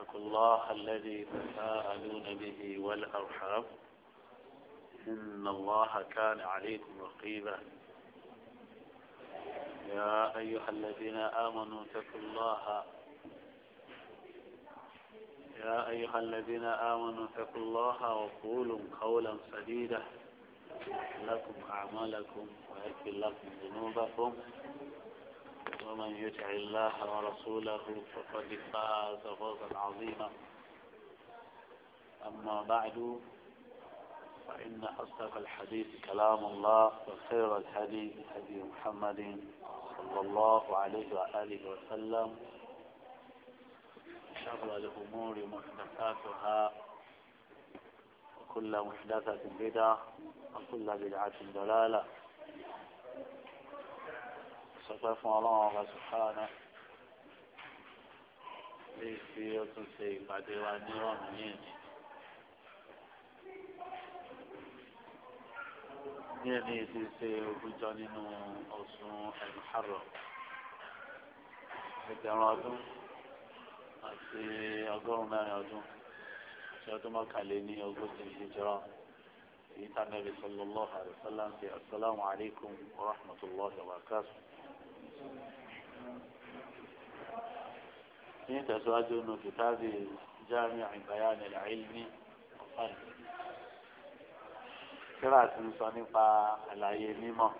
واتقوا الله الذي تساءلون به والأرحام إن الله كان عليكم رقيبا يا أيها الذين آمنوا اتقوا الله يا أيها الذين آمنوا اتقوا الله وقولوا قولا سديدا لكم أعمالكم ويكفر لكم ذنوبكم ومن يطع الله ورسوله فقد فاز فوزا عظيما أما بعد فإن أصدق الحديث كلام الله وخير الحديث حديث محمد صلى الله عليه وآله وسلم شر الأمور محدثاتها وكل محدثة بدعة وكل بدعة ضلالة àtúpẹ́ fún ọlọ́run ọba sùkárà lè fi ó tún ṣe ìpàdé wa ní ọ̀run yìí ni. ní ẹni tí ṣe ogúnjọ nínú ọ̀sùn ẹ̀mùhárọ̀ ẹgbẹ̀rún ọdún àti ọgọ́rùn-ún mẹ́rin ọdún àti ọdún mọ́kànlé ní ogójì ìjọra èyí tá a nẹ́bi sallallahu ṣe assalamu alaikum wa rahmatullahi wa barakatuh ní tẹ̀síwájú nù kìtàbí jáàmì àìbáyánì làílmí ọ̀fàn kíra ti ń sọ nípa àlàyé mímọ̀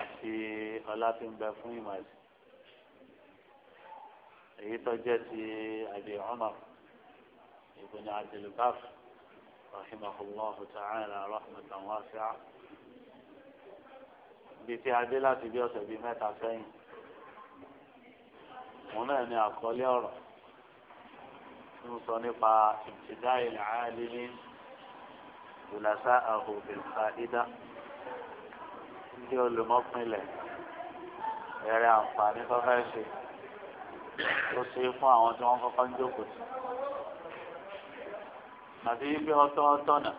àti ọlá tí ń bẹ fún ìmọ̀ ẹ̀sìn èyí tó jẹ́ ti àbí Umar ibn Abdul Barr rahimahullahu ta'ala rahmatan wasi'a ibi tí a dé láti bí ọ̀sẹ̀ bíi mẹ́ta sẹ́yìn òun náà ni àkọlé ọ̀rọ̀ tó ń sọ nípa ìtìdá ilẹ̀ alílé ìlàsá àhòbìn fàídá tí olùmọ́pinlẹ̀ ẹ̀rẹ̀ àǹfààní tó fẹ́ ṣe tó ṣe fún àwọn tí wọ́n kọ́kọ́ ń jókòó sí àti wípé ọtọ́ ọtọ́ náà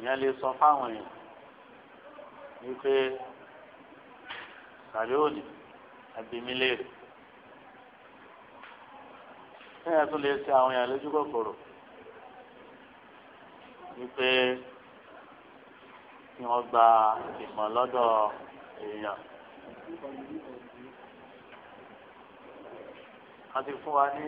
ìyẹn lè sọ fáwọn èèyàn wípé sàlíòdì àbímílẹ̀ kéèyàn tún lè ṣe àwọn èèyàn lójú kòkòrò wípé kí wọ́n gba ìmọ̀ lọ́dọ̀ èèyàn. wọ́n ti fún wa ní.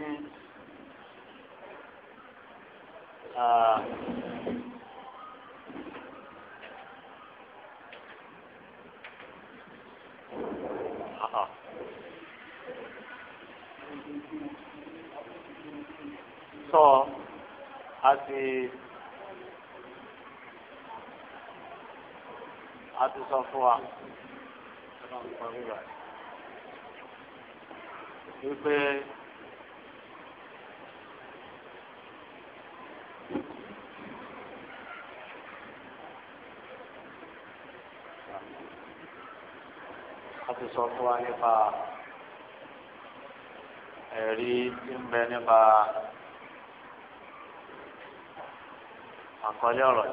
sọ àti àti sọ fún wa wípé àti sọ fún wa nípa ẹ̀rí tí ń bẹ nípa àkọlé ọ̀rọ̀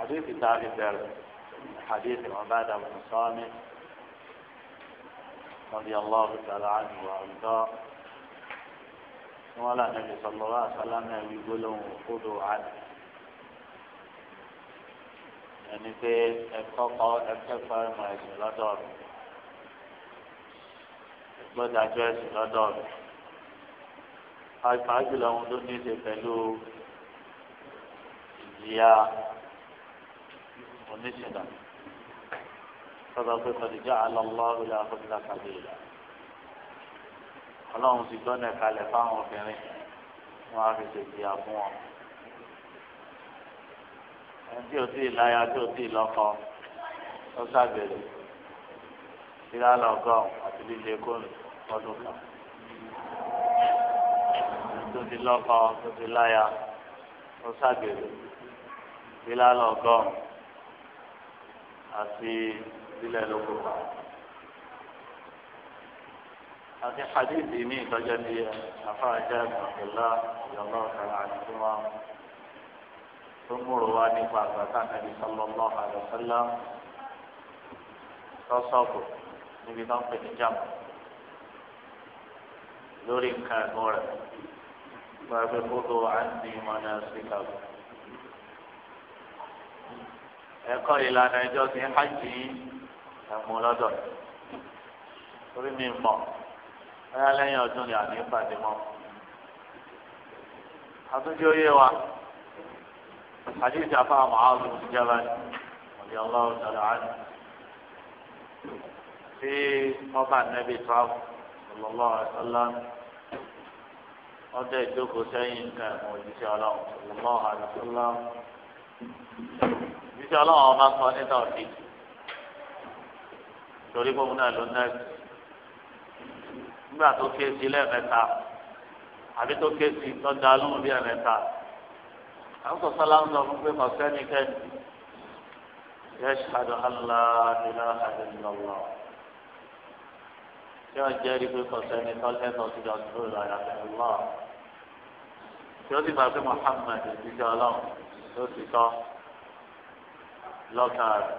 àdéhùn tá a fi bẹ̀rẹ̀ àdéhùn wọn bá dàbò sọ́ọ́ni رضي الله تعالى عنه وارضاه ولا النبي صلى الله عليه وسلم يقول خذوا عنه يعني في ابقى ابقى فرما يجي لا دار gbọ́dọ̀ àjọ ẹ̀sìn lọ́dọ̀ rẹ̀ pàápàá jùlọ ohun tó ní í ṣe pẹ̀lú ìjìyà oníṣìnà sọ́dọ̀ pé kọ́díjà alọ́lọ́rù yà fún ìlà kàdé ìlà ọlọ́run ti gbọ́dọ̀ ẹ̀kalẹ̀ fáwọn obìnrin wọn á fi ṣe ìjìyà fún wọn ẹni tí o ti láya tí o ti lọ́kọ ó ṣàgbèrè ìlànà ọgọ́rùn-ún àti líle kóòlù ọdún kan tó ti lọ́kọ tó ti láya tó ṣàgbèrè bílálọ̀ ọgọ́rùn àti bílẹ̀ lóko kan àti hadithi mi ìtọ́jọ́ ní afáàjá ìgbàgbọ́lá ìjọba ọ̀sán àti wọn tó múrò wá nípa àgbàtà nàbí sọlọ́lọ́ àdọ́sọ́lá sọ́sọ́kù níbi tó ń pè ní jàmbá lórí nǹkan ẹ̀kọ́ rẹ̀ wọ́n fi kótó àǹtí mọ́nà síkà. ẹ̀kọ́ ìlànà ẹjọ́ ti hajj ẹ̀mú lọ́dọ̀ torí mi mọ̀ báyà lẹ́yìn ọdún ni àní pàdé mọ́. àtúnjẹ oyé wa àdéhùn àfa àwọn àwọn olùjọba ọ̀dẹ̀ ọlọ́run tọ̀lọ̀ àná tí wọ́n nẹ́bí tọ́wọ́ sallallahu alaihi wasallam ọdẹ ìjókòó sẹ́yìn nǹkan ẹ̀mọ́ òjíṣẹ́ ọlọ́run sallallahu alaihi wasallam òjíṣẹ́ ọlọ́run ọba sọ níta òfin torí gbogbo náà ló ná ẹ̀sìn nígbà tó ké sí lẹ́ẹ̀mẹ́ta àbí tó ké sí tọ́jà lóhùn bí ẹ̀mẹ́ta àwọn sọ̀sọ́ láwùjọ fún pé kọ̀ọ̀sẹ́ni kẹ́ni yashhadu an la ilaha illallah tí wọ́n jẹ́rìí pé kọ̀sẹ́ni tọ́lẹ́tọ̀ ti lọ sí lórí àyàfẹ́ lọ́ tí ó sì bá pé Muhammad ìdíjọ́ ọlọ́run ló ti tọ́ lọ́kà rẹ̀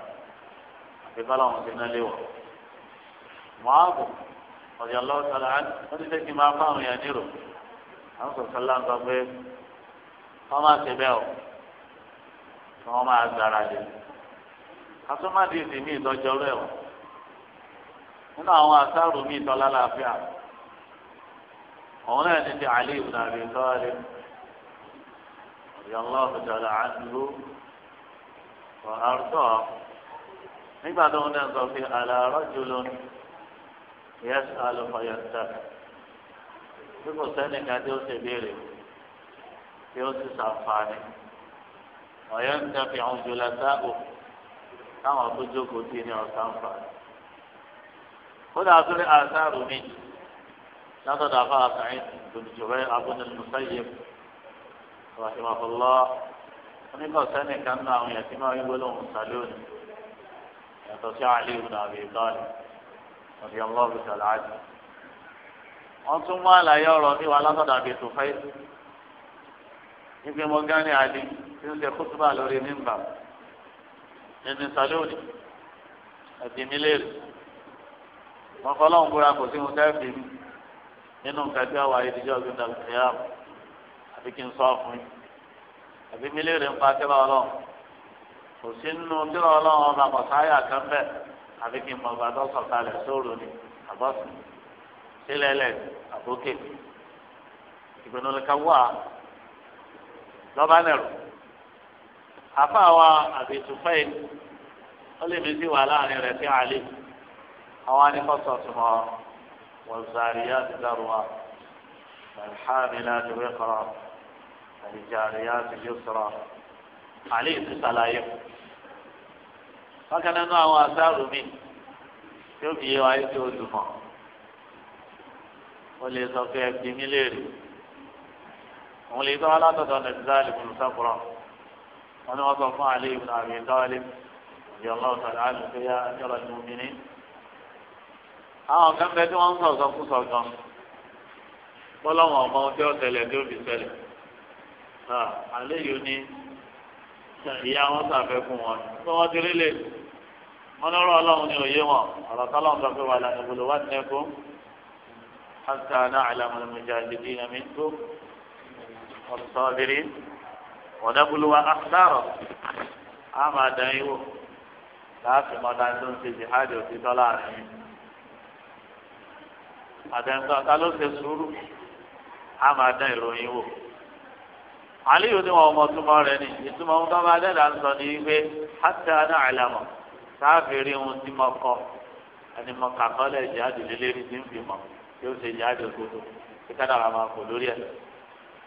àti bọ́lọ́run ti ná léwọ̀. mọ́àbù ọ̀yọ́ lọ́sọ̀rọ̀ ó ti tẹ́kí máa fáwọn èèyàn nírò àwọn sọ̀tọ́ láń sọ pé wọ́n máa ṣe bẹ́ẹ̀ o wọ́n máa gbára lé. àtúmọ̀ àdìsí ní ìtọ́jọ́ rẹ̀ wọ̀ nínú àwọn àṣàrò mi ìtọ́lá láàfíà òun náà ti di àlè ibn Abi Talib radiyallahu ta'ala anhu wa ardaah nígbà tó ń dẹ́ sọ pé ala rajulun yas'alu fa yattaki bí kò sẹ́ni ká tí ó ṣe béèrè tí ó sì ṣàǹfààní ọ̀yẹ́ ń tẹ́ fi àwọn jùlọ sáàbò táwọn tó jókòó ní ọ̀sán ó dàá tó lé àṣàrò mi látọ̀dọ̀ afá àṣàyìn tòlùjọba abúlé mùsáyé rahimahullah oníkọ̀ sẹ́ni kan náà àwọn yẹn tí máa ń gbólóhùn sàlóònì yàtọ̀ sí àlè ibùdó àbí ìtọ́ni ọ̀dì ọlọ́ọ̀bù sàlàájì. wọ́n tún mú àlàyé ọ̀rọ̀ níwà látọ̀dọ̀ àbí tòfẹ́ nígbè mọ́gánì àdì tí ó ṣe kútùbà lórí mímbà ẹni sàlóònì ẹ̀dínmílẹ̀rì mọ̀kọ́lọ́hún búra kò sí ohun tẹ́ẹ̀fì mi nínú nǹkan tí wàá ìdíjọ́ ọdún náà ṣe yá àbí kí n sọ fún yín àbí mi léèrè ń pa kíra ọlọ́run kò sí nínú kíra ọlọ́run ọba kọ̀sáyà kan bẹ́ẹ̀ àbí kí n mọ̀ gbàdọ́ sọ̀kalẹ̀ sóòrò ni àbọ̀sùn sílẹ̀lẹ̀ àbókè ìgbìnà nìkan wà lọ́ba nẹ̀rù àfa wa àbí tùfẹ́yìn ó lè mi sí wàhálà rẹ̀ sí àlè àwọn anìkọ́sọ̀ tó mọ̀ والزاريات ذروة والحاملات وقرا والجاريات يسرا عليه السلام فكان نوع وآثار من يبقى يوعيك وزمع واللي سوف يبقى مليري واللي دعلا تدون الزالب المسافرة ونوصف علي بن أبي طالب رضي الله تعالى عنه يا أمير المؤمنين àwọn kan bẹ tí wọn ń sọsọ kú sọsọ bọlọmọ ọmọ tí ó tẹlẹ tí ó fi tẹlẹ alẹ yìí ó ní ìyá wọn sàfẹ fún wọn tí wọn ti rí lè wọn lọ́rọ̀ Ọlọ́run ní òye wọn ọ̀rọ̀ tọlọ́run sọ pé wà lánàá gbọ́dọ̀ wà ní ẹkọ hasa náà àlàmọlẹ mọjà ìdílé ẹmí tó ọsọ ìrírí wọn wa àkàrọ àmàdàn yìí wò mọdà tó ń ṣe jihadi òtítọ́ láàrin yìí àtẹnudọ́ ta ló ṣe sùúrù á máa dán ìròyìn wò àlíyò ni wọn ọmọ túmọ̀ rẹ̀ ni ìtumọ̀ ohun tó máa dẹ́dà ń sọ ni wípé hàtà náà àlàmọ̀ sáfìrí ohun tí mo kọ ẹni mo kà kọ́ lẹ̀ jáde lélẹ́rìí tí ń fi mọ̀ yóò ṣe jáde kodo kí kádàrà máa kò lórí ẹ̀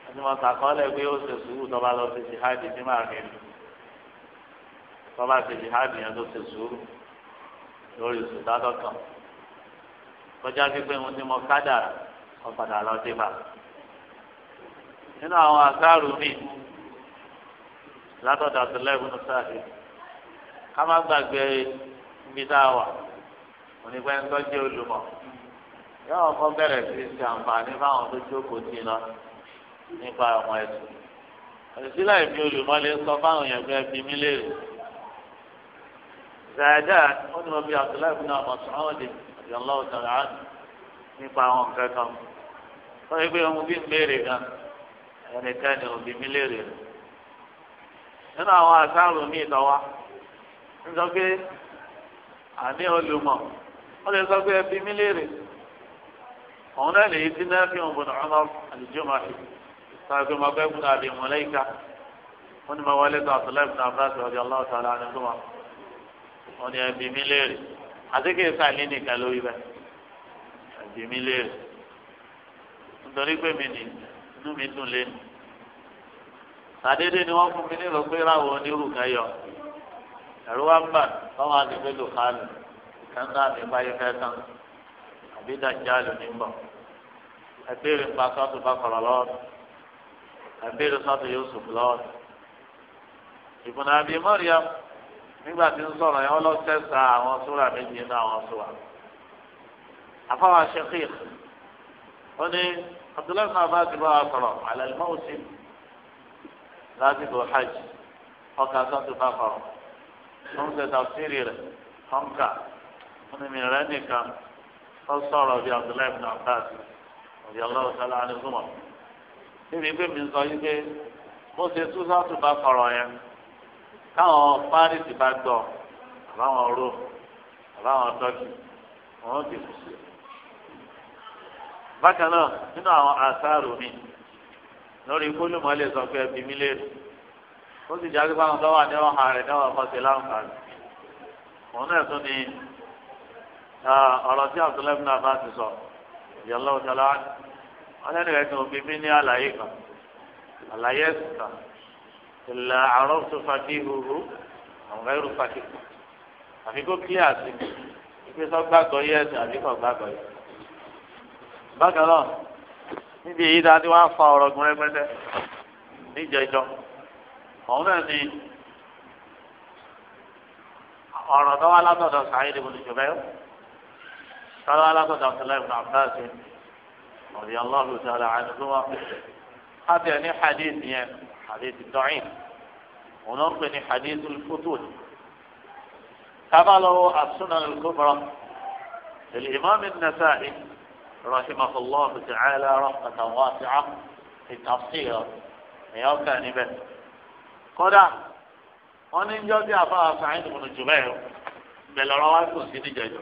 ẹni mo kà pé ó ṣe sùúrù tó lọ sí jihadi tí máa rìn tó ṣe jihadi yẹn tó ṣe sùúrù lórí sùdádọ́kàn kọjá pípé wọn ti mọ kádàrá ọ̀padà lọ sí bá nínú àwọn àgbáàrú mi látọ̀dọ̀ àtúnlẹ̀ ìbùnú sáàfin ká má gbàgbé ibi tá a wà onígbẹ́ ń tọ́jú olùmọ̀ yóò kọ́ bẹ̀rẹ̀ sí ṣe àǹfààní fáwọn tó jókòó sí lọ nípa àwọn ẹ̀sùn òṣìṣẹ́ ìfi olùmọ̀lé sọ fáwọn èèyàn gbé ẹbí mi léèrè ṣàyẹ̀dá ó ní mo bí àtúnlẹ̀ ìbùnú àmọ̀sán ó dé ìyọ̀lọ́ ọ̀tọ̀rọ̀ á nípa àwọn wọ́n yẹ pé bí ń béèrè òbí mi léèrè rẹ̀ nínú àwọn àṣàrò ìdọ́wà ń sọ pé àní olùmọ̀ wọ́n lè sọ pé ẹbí mi léèrè náà lè yí sí náà fi àti kí n sàlẹ̀ nìkan lórí bẹ́ẹ̀ àdèmí léèrè nítorí pé mi nì inú mi dùn lẹ́nu sàdédé ni wọ́n fún mi nílò pé ráwọ̀ onírú kan yọ ẹ̀rú wa ń bà wọ́n máa dìbò lò kálù kan náà mi báyé fẹ́ tán àbí dàjálù ní bọ̀ ẹ̀bẹ̀rẹ̀ pa sọ́tù bá kọ̀rọ̀ lọ́ọ̀dù ẹ̀bẹ̀rẹ̀ sọ́tù Yusuf lọ́ọ̀dù ìbùnà àbí mọ́ríyàmù nígbà tí ń sọ̀rọ̀ yẹn wọ́n lọ sẹ́sà àwọn sóra méjì nínú àwọn sóra. àfọwọ́ aṣèkìr ó ní abdullahi náà bá ti bá wa sọ̀rọ̀ àlàlùmọ́ òsì lásìkò hajj ọkà sọ́tù bá kọ̀rọ̀ ó ń ṣe tàfsírì rẹ̀ ọ̀nkà ó ní mìíràn nìkan ó sọ̀rọ̀ bí abdullahi náà bá ti ọ̀bí ọlọ́run sálá ní súnmọ́ níbi pé mi sọ yí pé mo ṣe tú sọ́tù bá kọ̀rọ̀ yẹn táwọn fárísì bá gbọ́ àbáwọn rome àbáwọn tọ́kì wọn ti kù sí i. bákan náà nínú àwọn àṣàrò mi lórí gbólùmọ̀ lè sọ pé ẹbí mi léèrè ó sì jáde báwọn tó wà ní ọ̀hà rẹ̀ náà wọ́n ṣe láǹfààní. òun náà tún ni ọ̀rọ̀ tí Abdullahi bin Abbas ti sọ ìyàlọ́ ọ̀tàlá wọn lẹ́nu ẹ̀sìn òbí mi ní àlàyé kan àlàyé ẹ̀sìn kan ìlà àrùn tó fàdí huhu àwọn ẹrù fàdí kù àfi kó kílẹ̀ àti ìpè sọ gbàgbọ́ yẹ ẹsẹ̀ àfi kọ̀ gbàgbọ́ yẹ. bákan náà níbi èyí dáadé wá fa ọ̀rọ̀ gun rẹ́gbẹ́dẹ́ níjẹjọ òun náà ni ọ̀rọ̀ tó wá látọ̀dọ̀ sàáyédè bùnú jùbẹ́rù tó wá látọ̀dọ̀ abdullahi ibn abbas ọ̀dì aláhùn tí a lè hàn ní حديث da'if òun náà ń pè ní hadith al-futud kábàlọ́wọ́ رحمه الله تعالى رحمة واسعة في التفسير يوم كان به قد ومن جود أفا سعيد بن جبير بل رواه سيدي جيد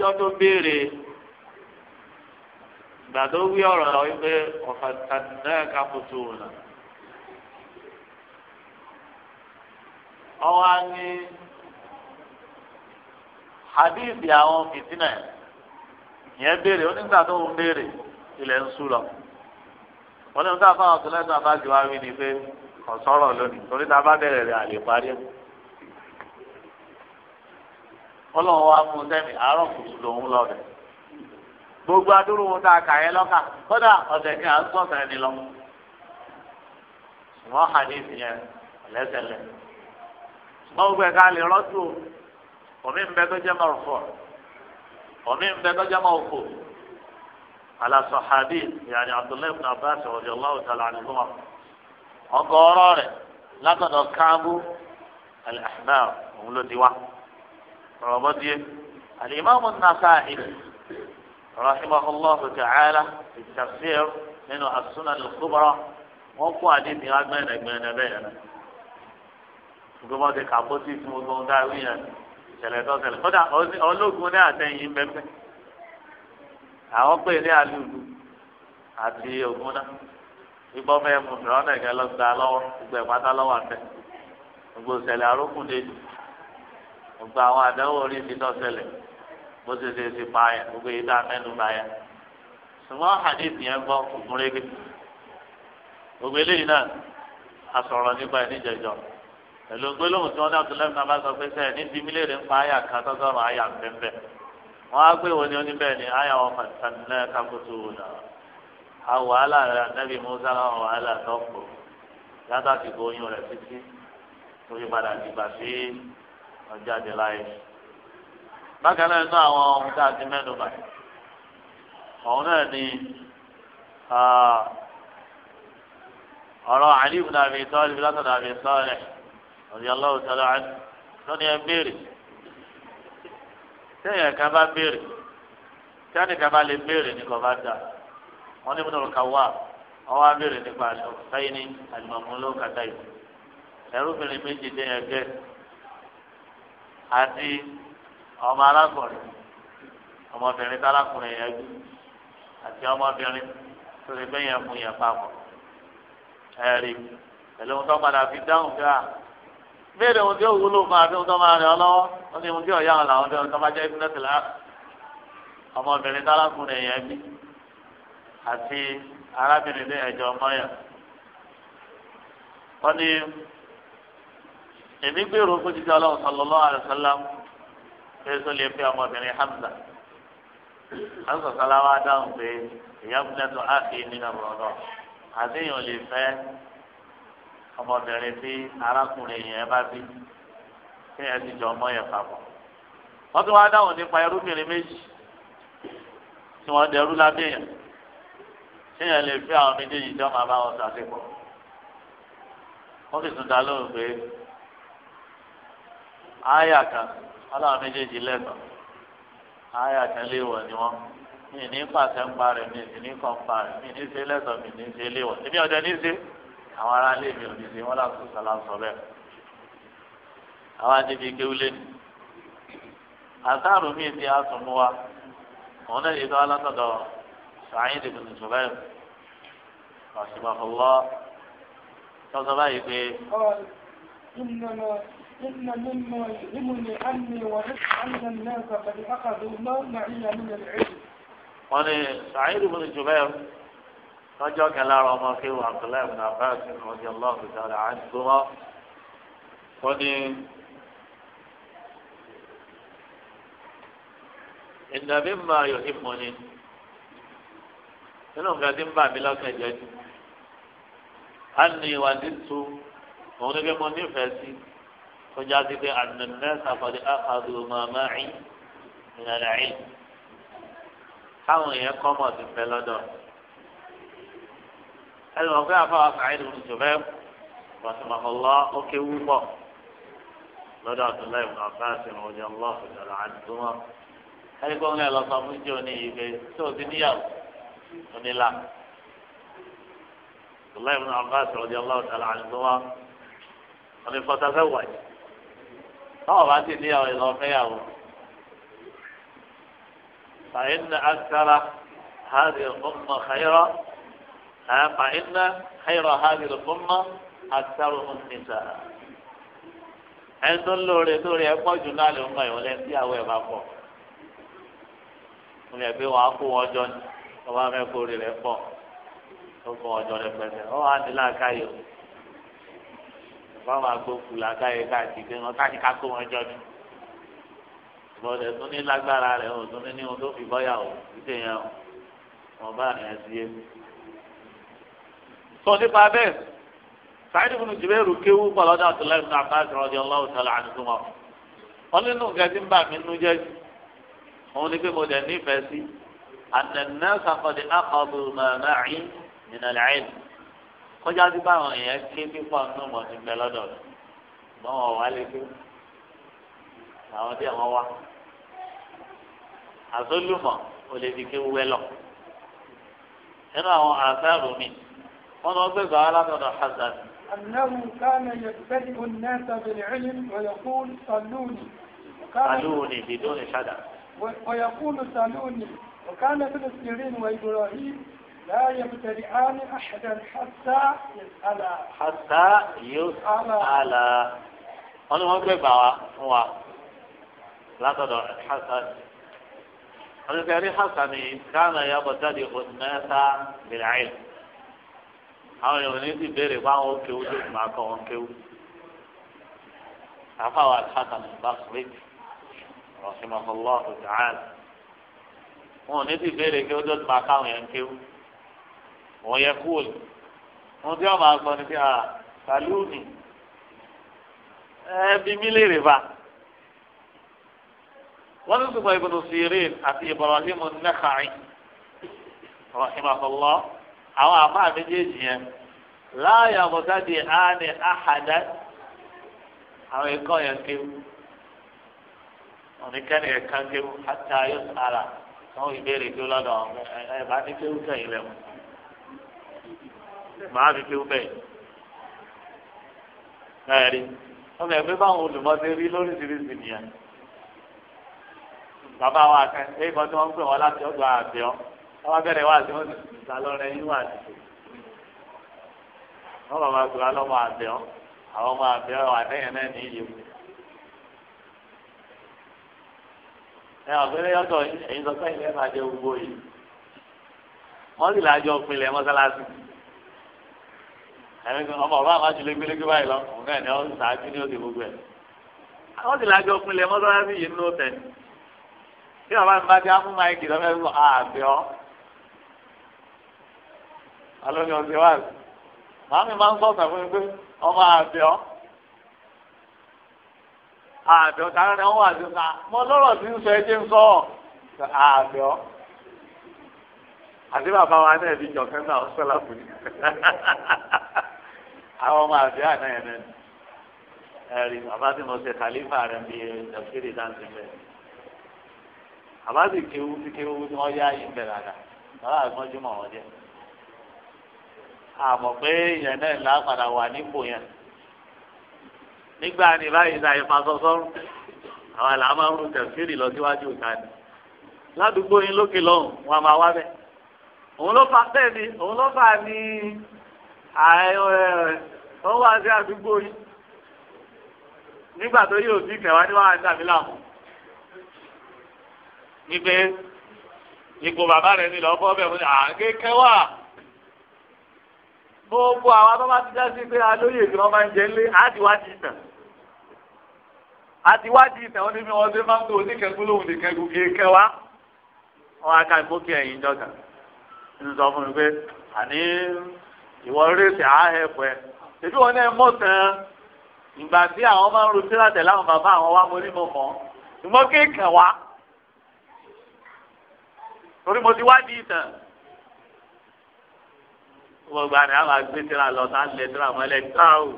جود بيري بعد ويا ويقول وفتناك فتونا ọwọ á ní àwọn fìtínà yẹn béèrè onígbà tó béèrè ilẹ̀ ń lọ wọ́n ní sáfà ọ̀tún àbájọ wa wí ni pé kò lónìí torí a bá bẹ̀rẹ̀ rẹ̀ àlè parí ẹ̀. ọlọ́run wa mú sẹ́mi àárọ̀ kùtù lọ rẹ̀ gbogbo adúrú wọn tá a kà yẹn lọ́kà kódà ọ̀sẹ̀ ń ni lọ. yẹn lẹ́sẹ̀ ọgbẹ ká lè rọ́tù omi ń bẹ tó jẹ́ mọ́ fọ́ omi ń bẹ tó jẹ́ mọ́ fò ala sahabi yaani abdullahi ibn abbas radiyallahu ta'ala anhuma ọgọ́rọ̀ rẹ̀ látọ̀dọ̀ káàbù al òun ló rahimahullahu ta'ala nínú wọn kó gbogbo ọdẹ kàpọ́tì fún gbogbo ọdẹ àríyàn ìṣẹ̀lẹ̀ tọ́sẹ̀lẹ̀ kódà ọlọ́gun ní àtẹ̀yìn bẹ́ẹ̀ àwọn pè ní alùlù àti ògùn náà ibọ́ bẹ́ẹ̀ mú fìrọ́ nẹ̀gẹ́ lọ́gbà lọ́wọ́ gbogbo ìpátá lọ́wọ́ àtẹ gbogbo ìṣẹ̀lẹ̀ arókùnlé gbogbo àwọn àdánwò orí ti tọ́sẹ̀lẹ̀ bó ṣe ṣe ti pa yẹn gbogbo yìí dá mẹ́nu bá yẹn ṣùgbọ́n hadith yẹn gbọ́ ògùn rege gbogbo eléyìí náà a sọ̀rọ̀ pẹ̀lú gbólóhùn tí wọ́n dá tòlẹ́mù náà bá sọ pé sẹ́yìn ní bíi mílíọ̀nù ń pa àyà kan tọ́gọ́rùn-ún àyà pẹ́ńpẹ́ wọ́n á gbé wọn ní oníbẹ̀ ní àyà wọn fàtìlẹ́ kákótó nà á wàhálà rẹ̀ nẹ́bí musa náà wàhálà tọ́pọ̀ yàtọ̀ àti gbóyún rẹ̀ títí torí padà dìgbà sí ọjàde láyé. bákan náà nínú àwọn ohun tá a ti mẹ́nu bà ọ̀hún náà ni ah, ọ̀rọ̀ àlíbù nàbì sọ́ọ̀lì látọ̀ nàbì sọ́ọ̀lì radiyallahu ta'ala anhu lọ́ni ẹ béèrè sẹ́yìn ẹ̀ka bá béèrè sẹ́yìn ẹ̀ka bá lè béèrè ní kọ́ba dà wọ́n ní múnú kàwá ọwọ́ á béèrè nípa ọ̀sẹ́yìn ní àlùmọ̀mọ́ ló kàtà yìí ẹrúbìnrin méjì dé ẹgbẹ́ àti ọmọ alákùnrin ọmọbìnrin tálákùnrin yẹn gbé àti ọmọbìnrin tó lè gbẹ̀yìn ẹ̀mú yẹn papọ̀ ẹ̀rí pẹ̀lú ohun tó padà fi dáhùn gbà béèrè ohun tí ó wúlò fún àti ohun tó máa rìn ọ lọ́wọ́ ó ní ohun tí ọ̀yá ọ̀ làwọn tó máa jẹ́ ìpínlẹ̀ tìlá ọmọbìnrin tálákùnrin yẹn bí àti arábìnrin ní ẹ̀jọ̀ mọ́yà. wọ́n ní èmi gbèrò kó jíjẹ́ ọlọ́run sallallahu alaihi wasallam pé sọ lè fi ọmọbìnrin Hamza Hamza sọlá wa dáhùn pé ìyá bùnẹ́tò áàkì nínú ọ̀rọ̀ náà àdéhùn lè fẹ́ ọmọbìnrin tí arákùnrin yẹn bá bí kí ẹ ti jọ ọmọ yẹn papọ̀ wọ́n tún wá dáhùn nípa irúbìnrin méjì tí wọ́n dẹrú lábẹ́ yẹn tí yẹn lè fi àwọn méjèèjì tí wọ́n máa bá wọn ṣàṣepọ̀ wọ́n sì tún dá lóhùn pé àyà kan ọlọ́run méjèèjì lẹ́tọ̀ọ́ àyà kan léèwọ̀ ni wọ́n mi ní pàṣẹ ń parẹ́ mi sì ní kàn parẹ́ mi ní ṣe lẹ́tọ̀ọ́ mi ní ṣe léèwọ̀ èmi ọ̀dẹ ní ṣe àwọn ará ilé mi ò ní sí wọn làkùn sọlá sọ bẹ́ẹ̀ àwọn adébí kéwúlé ni àtàrò míì ti àtúnmú wa òun náà yìí tó alátọ̀dọ̀ sàáyìn dìbò ní sùbẹ́ẹ̀ ọ̀sibàfọ̀lọ́ tọ́sọ báyìí pé. إن مما يهمني أني وعدت أن الناس قد أخذوا ما معي من العلم. قال سعيد بن جبير tọ́jọ́ kan lára ọmọ kéwù abdullahi ibn abbas rọ̀bì allahu ta'ala anhuma ó ní ìdàbí máa yọ ìmọ̀ ni nínú nǹkan tí ń bà mí lọ́kàn jẹ́ jù á ní ìwà nítú òun ní bí mo nífẹ̀ẹ́ sí kọjá sí pé àdùnnẹ́ sàfọ̀dé àkàdù màmá rí ìrìnàlẹ́ rí káwọn èèyàn kọ́ mọ̀ sí fẹ́ lọ́dọ̀ ẹni wọn fẹ́ àfọwọ́ sàáyìn ní jùmẹ́ rọ̀sùmọ̀kọ́lá ó kéwú pọ̀ lọ́dọ̀ àtúnlẹ̀ ìbùnà fáṣí ní ọjọ́ lọ́ọ̀fù ìjọba àdúgbò ẹni kó ń lẹ́ lọ sọ fún jẹ́ òní ìgbé tó o ti níyàwó onílà àtúnlẹ̀ ìbùnà fáṣí ní ọjọ́ lọ́ọ̀fù ìjọba àdúgbò wọn ni fọ́tàfẹ́ wáyé táwọn bá ti níyàwó ìlọ́fẹ́yàwó فإن أكثر هذه الأمة خيرا فإن خير هذه الأمة أكثرهم النساء ẹni tó ń lóore tó rí ẹ̀kọ́ jù náà lè ń gbà ìwọlẹ tí àwọn ẹ bá pọ̀ wọn lè gbé wọn á kó wọn jọ ní ọba mẹkọ káàkiri pé wọn káàkiri ká wọn jọ ní ìbọn tún ní lágbára rẹ o tún ní ní ohun tó fi bọ́yà o ìdè yẹn o wọn bá rẹ sí yé mi sọ nípa bẹ́ẹ̀ sáyẹ́dì fún jùbẹ́rù kéwú pọ̀lọ́dà àtúláì fún abáàsì rọ́ọ̀dì ọlọ́wọ́ sọlá àdúgbò wọn nínú nǹkan tí ń bà mí nú jẹ́ òun ni pé mo dẹ̀ nífẹ̀ẹ́ sí àtẹnẹ́ sàkọ́dé àkọ́bù màmáàrí nìnàlẹ́ àìlú kọjá sí báwọn èèyàn ké pípọ̀ nínú mọ̀ ní bẹ lọ́dọ̀ rẹ̀ mọ́ wọn wá lé kéwú àwọn tí àwọn wá àtólùmọ̀ ò lè fi kéwú wẹ́ lọ nínú àwọn àṣà على من أنه كان يبتدئ الناس بالعلم ويقول صلوني صلوني بدون شدة ويقول صلوني وكان في السيرين وإبراهيم لا يبتدئان أحدا حتى يسألا حتى يسألا أنا ما بقى هو لا تدع حسن أنا حسن كان يبتدئ الناس بالعلم àwọn èèyàn ní sì béèrè fáwọn òkèwú tó máa kọ wọn kéwú àfàwọn alhassan basri rahimahullahu ta'ala wọn ò ní sì béèrè kí ó tó máa káwọn yẹn kéwú wọn yẹ kúòlù wọn tí wọn máa sọ ni pé à sàlúùnì ẹbí mi bá wọn ní sùgbọn ibùdó sirin àti ibrahim an-Nakha'i rahimahullahu àwọn àfa méjèèjì yẹn láàyè àbọ̀sádì àánì àhàdá àwọn ẹ̀kọ́ yẹn kéwù oníkẹ́ni ẹ̀ka kéwù àti ayé sàrà wọn ìbéèrè tó lọ́dọ̀ ẹ̀ bá ní kéwù kẹ́yìn lẹ́wọ̀n màá fi kéwù bẹ́ẹ̀ ẹ̀rí ọmọ ẹgbẹ́ báwọn olùmọ̀ọ́sẹ̀ rí lóríṣiríṣi nìyẹn bàbá wa kẹ́ ẹ̀ kọ́ tí wọ́n ń pè wọ́n láti ọ̀dọ̀ àbẹ̀ọ́ wọ́n bá bẹ̀rẹ̀ wá sí wọ́n ti sà lọ́rẹ́ yín wà sí. wọ́n bá máa gbé wa lọ́mọ àbẹ̀ ọ́ àwọn ọmọ àbẹ̀ ọ́ àtẹ̀yìn náà ní iye. ẹ ọ̀gbẹ́rẹ́ yọ̀tọ̀ ẹ̀yin sọ pé ilé máa jẹ gbogbo yìí. wọ́n sì lájọ pinlẹ̀ mọ́sálásí. ẹ̀mí ọmọ ọ̀rọ̀ àwọn àjùlé gbélégbé báyìí lọ òun náà ni ó ń sàájú ní òde gbogbo ẹ̀. wọ́n sì lájọ pinlẹ̀ mọ́sálásí yìí nínú tẹ̀. bí wọ́n bá bá dé ámú máìkì lọ́fẹ́ alóni ọ̀sẹ̀ wá sí màámi máa ń sọ̀tàn fún mi pé ọmọ àbẹ̀ọ́ àbẹ̀ọ́ tààrà ni wọ́n wà sí ká mọ lọ́rọ̀ tí ń sọ ẹ ń sọ àbẹ̀ọ́ àti bàbá wa náà di jọ̀kẹ́ náà sọ́lá fún mi àwọn ọmọ àbẹ̀ọ́ àná yẹn náà ẹ̀rí bàbá tí mo ṣe kàlífà rẹ̀ bí ẹ̀dọ̀kiri dáńtì bẹ́ẹ̀ bàbá sì kéwu sí kéwu ni wọ́n yá yín bẹ̀rẹ̀ àdá bàbá àgbọ̀njú mọ̀ àmọ̀ pé èèyàn náà là wà nípò yẹn nígbà ní báyìí náà ìfasọsọrùn àwọn àlà máa ń rún tẹ̀síìrì lọ síwájú ìta ni ládùúgbò yín lókè lọ́hùn wọn a máa wá bẹ́ẹ̀ òun ló fà bẹ́ẹ̀ ni òun ló fà ní ó wá sí àdúgbò yín nígbà tó yóò bí kẹwàá ní wàhálà tàbí làwọn ní pé ipò bàbá rẹ ni lọ́ọ́ fọ́ bẹ́ẹ̀ fún mi àgé gbogbo àwọn tó bá ti já sí pé alóyè tí wọ́n máa ń jẹ lé àtiwádìí ìtàn àtiwádìí ìtàn wọn ni bí wọ́n ṣe máa ń tó oníkẹ́kọ̀ọ́ lòun nìkan gòkè kẹwàá wọn á ka ìgbókè ẹ̀yìn jọ̀gà ń sọ fún mi pé àní ìwọ rèsì àáhẹ́pọ̀ ẹ̀ ṣèbí wọn náà mọ̀ tán ìgbà tí àwọn máa ń ro sílá tẹ̀lé àwọn bàbá àwọn wá mo rí mo mọ̀ ṣùgbọ́n kéèkàn wá torí mo ti wádìí ìtàn gbogbo àná àwọn agbésẹ́ra lọ sáà lè dúró àmọ́lẹ̀ gáwó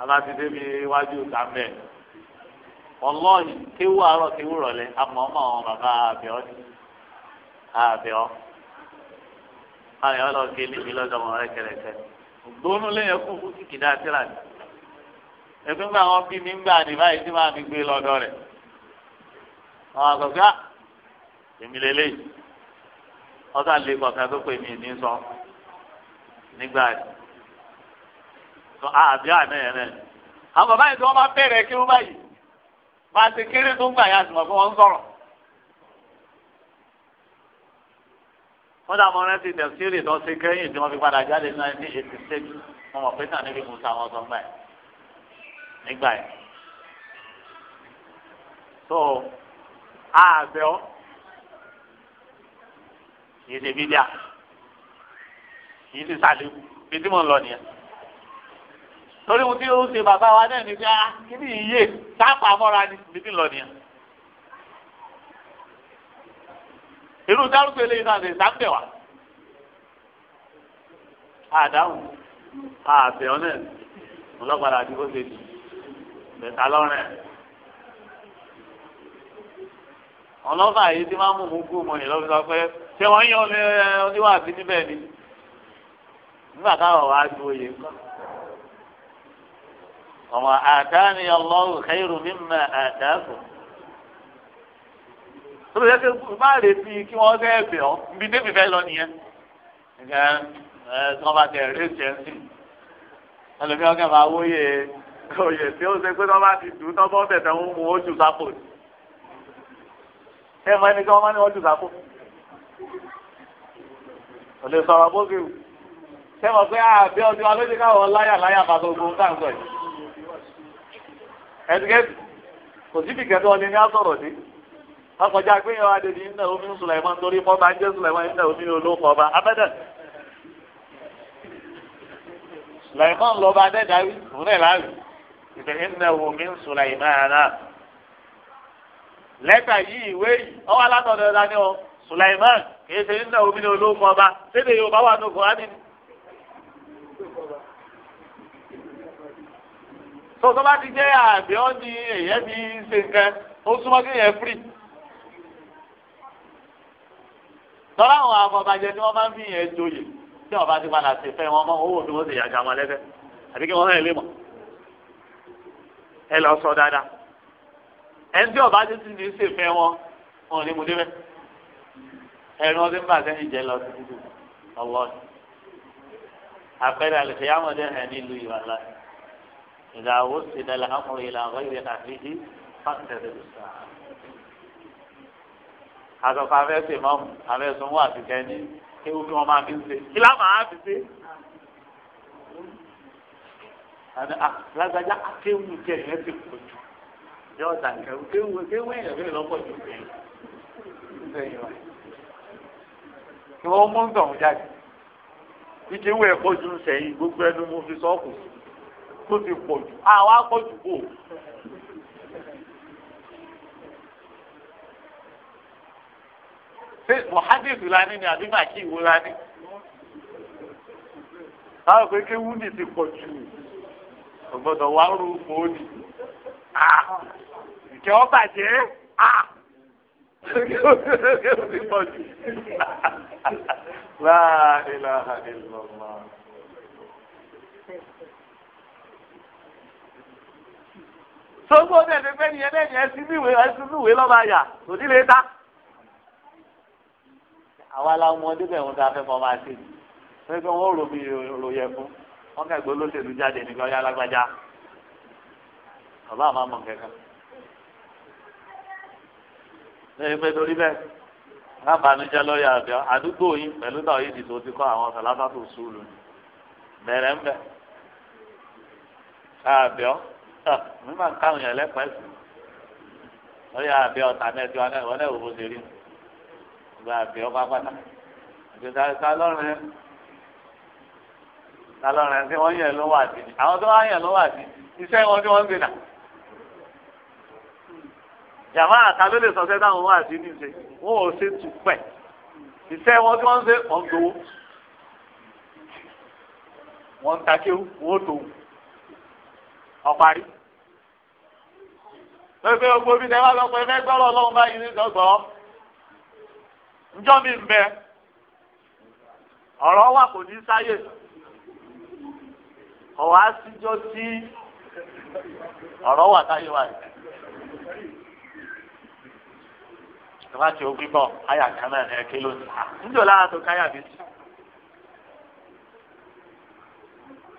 aláṣẹ́dé mi wájú kàmbẹ́ ọlọ́ọ̀yì kéwú àárọ̀ kéwú rọ̀lẹ́ àmọ́ àwọn bàbá àbẹ̀ọ́ ni àbẹ̀ọ́ àyọ̀ lọ sí ilé mi gbónú lẹ́yìn fún kìkìdá síra ni bí mi ń gbà ní báyìí tí màá gbé lọ́dọ̀ rẹ̀ àwọn ah, èmi nígbà tó àbí àná yẹn náà àwọn bàbá yìí tí wọ́n bá bẹ̀rẹ̀ kí wọ́n báyìí bá ti kéré tó ń gbà yá àtùmọ̀ fún wọn ń sọ̀rọ̀. wọ́n dà mọ́ rántí tẹ̀síìrì tó ṣe kẹ́yìn tí wọ́n fi padà jáde ní nineteen eighty six wọ́n mọ̀ pé náà níbi musa wọn sọ gbà yẹn nígbà yẹn. tó àbẹ̀ ọ́ yìí ṣe bí díà kì í sì sálẹ̀ bí tí mò ń lọ nìyẹn. torí mo ti ń ṣe bàbá wa náà ní pé ah kí ni iye sáàpà mọ́ra ni bí tí ń lọ nìyẹn. irú dárúkọ eléyìí náà ṣe sáńbẹ̀ wá. àdáhùn àbẹ̀ ọ̀nà ọlọ́gbàdà àti bó ṣe dì bẹ̀ta lọ́rẹ̀. ọlọ́fà yìí ti máa ń mú mú kú mọ́ ni lọ́fi sọ pé ṣé wọ́n yàn oníwàásí níbẹ̀ ni nígbà káwọn wá ju oyè ńkọ. ọmọ àdáni ọlọ́run kẹ́rù mímọ àdáàbò. tó lè ṣe bá lè fi kí wọ́n fẹ́ bẹ̀ ọ́ níbi débi fẹ́ lọ nìyẹn. ǹjẹ́ ẹ tí wọ́n bá tẹ̀ rí ìṣẹ́ sí i. ẹlòmíràn kẹ́ máa wóye oyè tí ó ṣe pé tó bá ti dùn tó bọ́ bẹ̀ ń mú ojú sápò. ẹ máa ní kí wọ́n máa ní ojú sápò. ò sọ̀rọ̀ bó ṣe wù. sẹ́wọ̀n pé àbí ah, ọdún alóde káwọn láyà láyà ogun tá à ń sọ yìí. ẹ̀dùkẹ́tù kò síbi kẹ́tọ́ ọdún ní asọ̀rọ̀ sí. ọkọjá gbéyàwó adèdè iná omi sùlẹ̀mọ́ nítorí fọ́ba ń jẹ́ sùlẹ̀mọ́ iná omi olóko ọba abẹ́dẹ̀. sùlẹ̀mọ́ ń lọ́ba adẹ́dáwí omi sùlẹ̀mọ́ àná. lẹ́tà yìí ìwé yìí o tó tó bá ti jẹ́ àgbẹ̀ ọ́ ni èyẹ́ ti ṣe nǹkan ó súnmọ́ kí èyẹ́ firi. tọ́lá àwọn afọbajẹ tí wọ́n bá ń fi yẹn joyè tí wọ́n bá ti padà sí fẹ́ wọn mọ́ owó tí wọ́n ti yàgà wọn lẹ́fẹ́ àbí kí wọ́n hàn lé mọ̀ ẹ lọ sọ dáadáa ẹni tí ọba ti ti ní ṣe fẹ́ wọn wọn ò ní mu débẹ̀ ẹ̀rín ọdún bàtẹ́ ìjẹ́ lọ sí ọlọ́ọ̀ni àpẹẹrẹ àlùfẹ́yàmọ̀ dẹ̀ hàn nílùú ìwàlá ìdáwó sì dàlẹ́ àmúrò ìlànà ìwé àfihì fásitì ìsà. àtọ̀fà afẹ́sẹ̀ mọ́mù afẹ́sùn wà sí kẹ́ni ewu kí wọ́n máa fi ń ṣe kí lá máa fi ṣe. lágbájá akéwù jẹ ẹ ti pọ̀ jù yọ ọ̀dà nǹkan kéwù kéwù ẹ̀yẹ̀ fẹ́ lọ́pọ̀ jù kí wọ́n mú ń tọ̀hún jáde kíkẹ́ wẹ̀ pọ̀jù sẹ́yìn gbogbo ẹnu mo fi sọ́ọ̀kù tó ti pọ̀jù àwa pọ̀jù bò. ṣé mọ̀hádìsì la ní ni àbí màkì ìwo la ní. báwo pé kéwú ni ti pọ̀jù ọ̀gbọ́dọ̀ wá rú mọ́ ni. Ah! ìkẹ́ ọ bàjẹ́. Ah! ti pọ̀ jù láàrínlá ìlọ́mọ. sọ́gbọ́n ní ẹ̀dẹ́ pẹ́ nìyẹn lẹ́yìn ẹtí níwèé ẹtí níwèé lọ́ba yà kò ní lè dá. àwa la ọmọdé bẹ̀rù tá a fẹ́ fọ́ máa ṣe ni pé kí wọ́n rò bí ròyẹ fún wọn kẹ́gbẹ́ olóṣèlú jáde nígbà ọ̀yá alágbájá bàbá àmọ́ àmọ́ kẹ́kẹ́ lẹ́yìn torí bẹ́ẹ̀ lábàánújẹ́ lọ́yà àbí àdúgbò yìí pẹ̀lú náà yìí dìtò ti kọ́ àwọn sàlábà tó sùúrù ni bẹ̀rẹ̀ ń bẹ̀ àbí ọ́ mi máa ń káwọn yẹn lẹ́pẹ́ sí lọ́yà àbí ọ̀tà náà ti wá náà wọ́n náà wò ó ṣe rí gba àbí ọ́ pápátá àgbẹ̀dá ìta lọ́rùn tí wọ́n yẹn ló wà sí àwọn tó wá yẹn ló wà sí iṣẹ́ wọn tí wọ́n ń gbé náà yàrá àtàlẹ́ lè sọ̀tẹ́ táwọn wà sí níṣe wọn ò ṣe tù pẹ̀ iṣẹ́ wọn tí wọ́n ń ṣe wọ́n ń gbowó wọ́n ń ta kéwú wọ́n tòun ọ̀parí. pépé gbogbo bí ẹ bá lọ pé ẹgbẹ́ gbọ́rọ̀ ọlọ́run báyìí ní ìdọ́gbọ́ njọ́ mi ń bẹ ọ̀rọ̀ kò ní sáyè ọ̀wá síjọ́ sí ọ̀rọ̀ wà táyé wáyé. láti ogun bọ̀ àyà kan náà ní ẹ̀kẹ́ lónìí. níjọ́ lára tó káyà bí sí.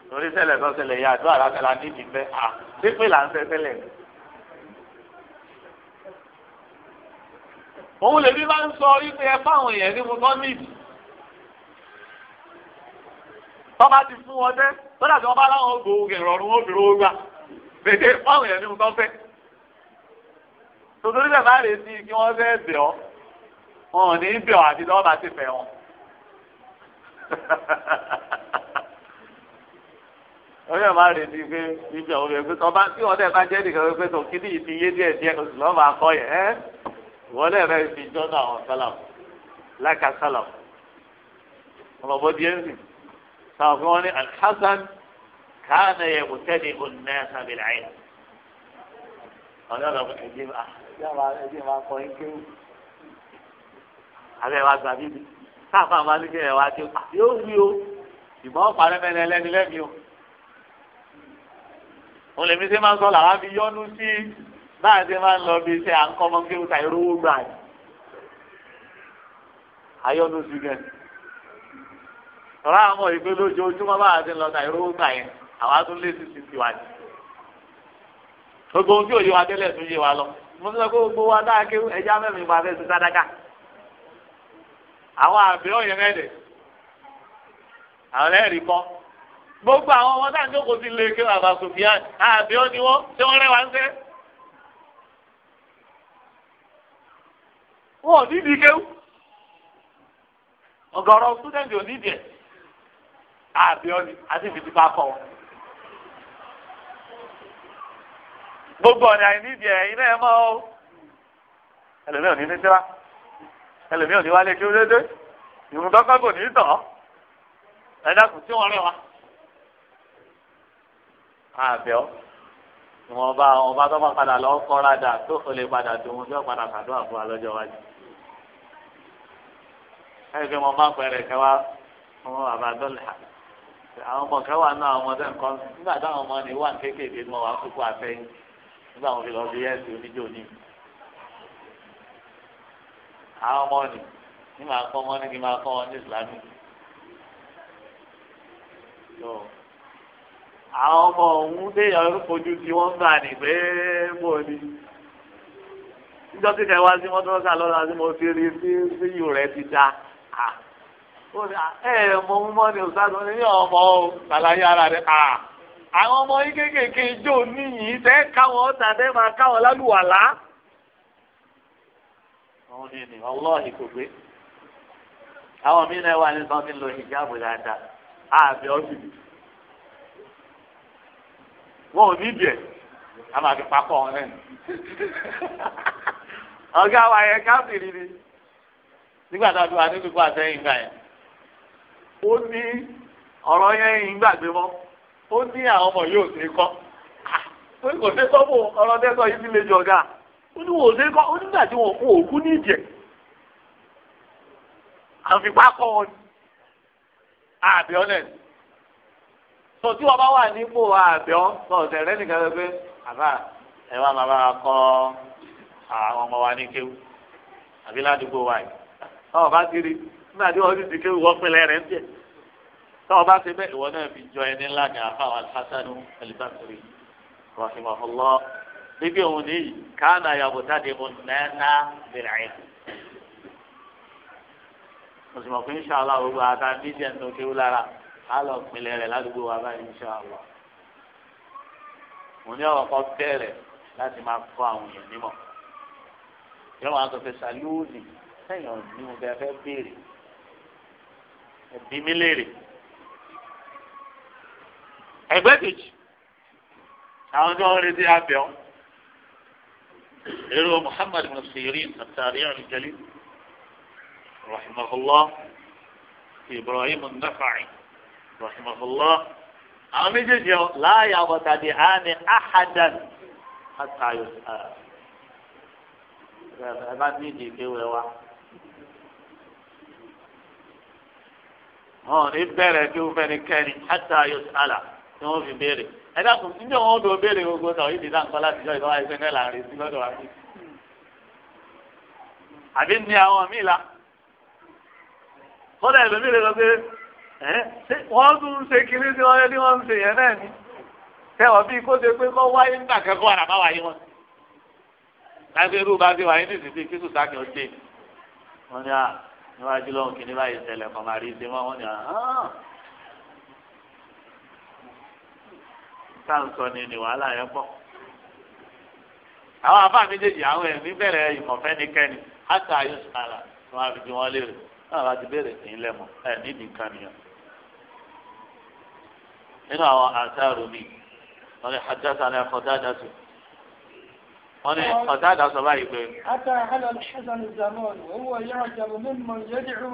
torí ṣẹlẹ̀ tó ṣẹlẹ̀ yà àdúrà lákàlà nídìí bẹ́ à pípé là ń fẹ́ tẹ́lẹ̀. òun lèmi máa ń sọ wípé ẹ fáwọn èèyàn ní mo tọ́ nídìí. tọ́ba ti fún wọn dẹ́ tọ́jà tí wọ́n bá láwọn ògbó ìrọ̀rùn obìnrin ó gbà bèbè fáwọn èèyàn ní mo tọ́ fẹ́ tòtòrí bẹ́ẹ̀ bá rè sí kí wọ́n fẹ́ bẹ̀ ọ́ wọn ò ní bẹ̀ ọ́ àti tọ́wọ́ bá ti fẹ́ wọn. orí ẹ̀ máa rè sí pé ibi ọ̀hún rẹ̀ pé tọ́ba tí wọ́n dẹ̀ bá jẹ́ nìkan pé tó kí ní ìdí yé díẹ̀ díẹ̀ oṣù lọ́wọ́ máa kọ́ ẹ́ wọ́n dẹ̀ rẹ̀ fi jọ́nà àwọn sálàm láka sálàm ọmọbọ díẹ̀ nì sáwọn fún wọn ní alhassan káà yẹ kò tẹ́lẹ̀ ọ̀nà sábẹ̀lẹ̀ àyè ọ̀nà yàrá ẹbí máa kọ yín kéwù abẹ́ wa gbà bíbí káfà máa ní kéwù ẹ̀ wá kéwù yóò wí o ìmọ̀ parẹ́ mẹ́rin ẹlẹ́ni lẹ́mi o òun lèmi ṣe máa ń sọ làwọn afi yọnu sí báyìí ṣe máa ń lọ bí iṣẹ́ à ń kọ́ ọmọ kéwù ta ìrówó gbà yìí ayọ́nu sí gẹ̀ tọ́lá àwọn ọmọ ìgbé lójoojúmọ́ báyìí ṣe ń lọ ta ìrówó gbà yẹn àwa tún lé sísìn tiwa ni gbogbo ohun tí òye wa tẹ́lẹ̀ tún yé wa lọ mo sọ pé gbogbo wa dáa kí ẹja mẹ́rin gba fẹ́ sí sádàkà àwọn àbí ọ̀yẹ́ mẹ́rin àwọn ẹ̀rí kọ́ gbogbo àwọn ọmọ tá à ń jókòó sí ilé kí bàbá Sùfìàn àbí ọ ni wọ́n ṣé wọ́n rẹwà ń sẹ́. wọn ò nídìí kéwù ọ̀gọ̀rọ̀ student ò nídìí ẹ̀ àbí ọ ni àti fìdí bá kọ́ wọn. gbogbo ọ̀nà àìnídìí ẹ̀yin náà mọ́ o ẹlòmíì ò ní ní ẹlòmíì ò ní wálé kí ó dédé ìrùn tọ́kọ́ ní tàn ẹ̀dá kò sí wọn rẹ̀ wá. àbẹ̀ ọ́ ìwọ̀n bá àwọn ọba tó bá padà lọ kọ́ra dà tó o lè padà dùn tó padà sàdúrà fún wa lọ́jọ́ wájú. ẹ̀rí pé mo máa pẹ̀rẹ̀ kẹwàá ọmọ bàbá dọ́là àwọn ọmọ kẹwàá náà ọmọdé nǹkan nígbà táwọn ọmọ ni wà kéékèèké mọ wà kúkú àfẹ́yìn nígbà wọn fi lọ sí yẹsì oníjó ní àwọn ọmọ ni ní màá kọ́ wọn ní kí màá kọ́ wọn ní ìsìlámù tó àwọn ọmọ ọ̀hún déyàn fojú tí wọ́n gbà ní pé bó ni níjọ́ tí kẹ́ wá sí mọ́tòrọ́sà lọ́la tí mo fi rí sí síyù rẹ̀ ti da ẹ ẹ mọ mọ ni ọ̀sán tó ní ọmọ ọ̀hún kàlàyé ara rẹ̀ kà á. àwọn ọmọ yín kéékèèké ijó níyìí tẹ́ káwọn ọ̀tà tẹ́ máa káwọn lálùwàlá. àwọn ni ọlọ́ọ̀hìn kò gbé àwọn mi náà wà ní mi lo hijab dáadáa àbẹ̀ ọ́sibì wọn ò ní a máa fi ọ̀hún ọ̀gá wa káfíìrì ni nígbà a wà nínú ikú àtẹ̀yìn gbà yẹn ó ní ọ̀rọ̀ yẹn ń gbàgbé ó ní àwọn ọmọ yóò ṣe kọ́ ah, ó ní kò ṣe kọ́ fún ọ̀rọ̀ tẹ́sán yìí nílé jọ̀gá ó ní wò ṣe kọ́ ó nígbà tí wọn kò òkú ní ìjẹ́ àfipá kọ́ wọn ni àbíọ́ náà sọ tí wọn bá wà nípò àbíọ́ ah, sọ ọ̀sẹ̀ rẹ nìkan lọ pé àbá ẹ wá máa bá kọ́ àwọn ọmọ wa ní kéwù àbí ládùúgbò wa yìí ọ̀ bá kiri nígbà tí wọ́n ti di kéwù wọ́n pinlẹ̀ ń tẹ̀ tọ́ ọba ṣe bẹ́ẹ̀ ìwọ náà fi jọ ẹni ńlá ní afáwọn alhassanu alibasiri rahimahullah níbi òun ní kánà yabutadi mu nẹ́ẹ̀nà bìrẹ̀ mùsùlùmọ̀ fún inṣàlá gbogbo àtà mídíà ní òkè wúlára á lọ pinlẹ̀ rẹ̀ ládùúgbò wa báyìí inṣàlá mo ní ọ̀rọ̀ kọ́ bẹ̀rẹ̀ láti máa kọ́ àwọn èèyàn nímọ̀ yọ wọn àtọ̀fẹ́ sàlúùnì sẹ́yìn ọ̀dùnú bẹ́ẹ̀ fẹ́ béèrè ẹ̀bí mi léèrè. ẹgbẹ́ kejì àwọn tí wọ́n retí abẹ́ ọ́ èrò Muhammad bin Sirin àtàrí àlùjálí rahimahullah Ibrahim an-Nakhai rahimahullah àwọn méjèèjì ọ láàyè àbọ̀tàdé àní àhàdàn àtàyò ẹ bá ní ìdí ìkéwé wa. hàn ní bẹ̀rẹ̀ kí ó fẹ́ ní kẹ́ni àtàyò sálà. tí wọ́n fi béèrè ẹ dákun níjẹ́ wọn ó béèrè gbogbo sọ̀rọ̀ yìí dídá nǹkan láti jọ ìdánwà ẹgbẹ́ náà láàrin sí lọ́dọ̀ wa bíi. àbí ní àwọn míì la kọ́dà ìlú mi lè lọ pé wọ́n tún ṣe kiri sí wọn ní wọ́n ń ṣe yẹn náà ni tẹ̀wọ̀n bíi kó ṣe pé kọ́ wáyé nígbà kẹ́kọ̀ọ́ àràbá wáyé wọn. láti irú bá ti wáyé ní ìsìnkú kí sùn sáà kí wọ́n dé wọ́n ní à ah, níwájú lọ́hùn sáǹsọ ni ni wàhálà yẹn pọ̀ àwọn àbá méjèèjì àwọn ẹ̀mí bẹ̀rẹ̀ ìmọ̀fẹ́ ní kẹ́ni àti àyùsùn àlà tí wọ́n á fi bí wọ́n léèrè náà láti béèrè sí ilé mọ̀ ẹ̀ nídìí kan nìyẹn nínú àwọn àṣàrò mi wọ́n ní àjọṣà ní ọ̀dàdà tó wọ́n ní ọ̀dàdà sọ báyìí pé. ata ala alḥasan zaman owó yàrá jàbọ mímọ yẹdìrú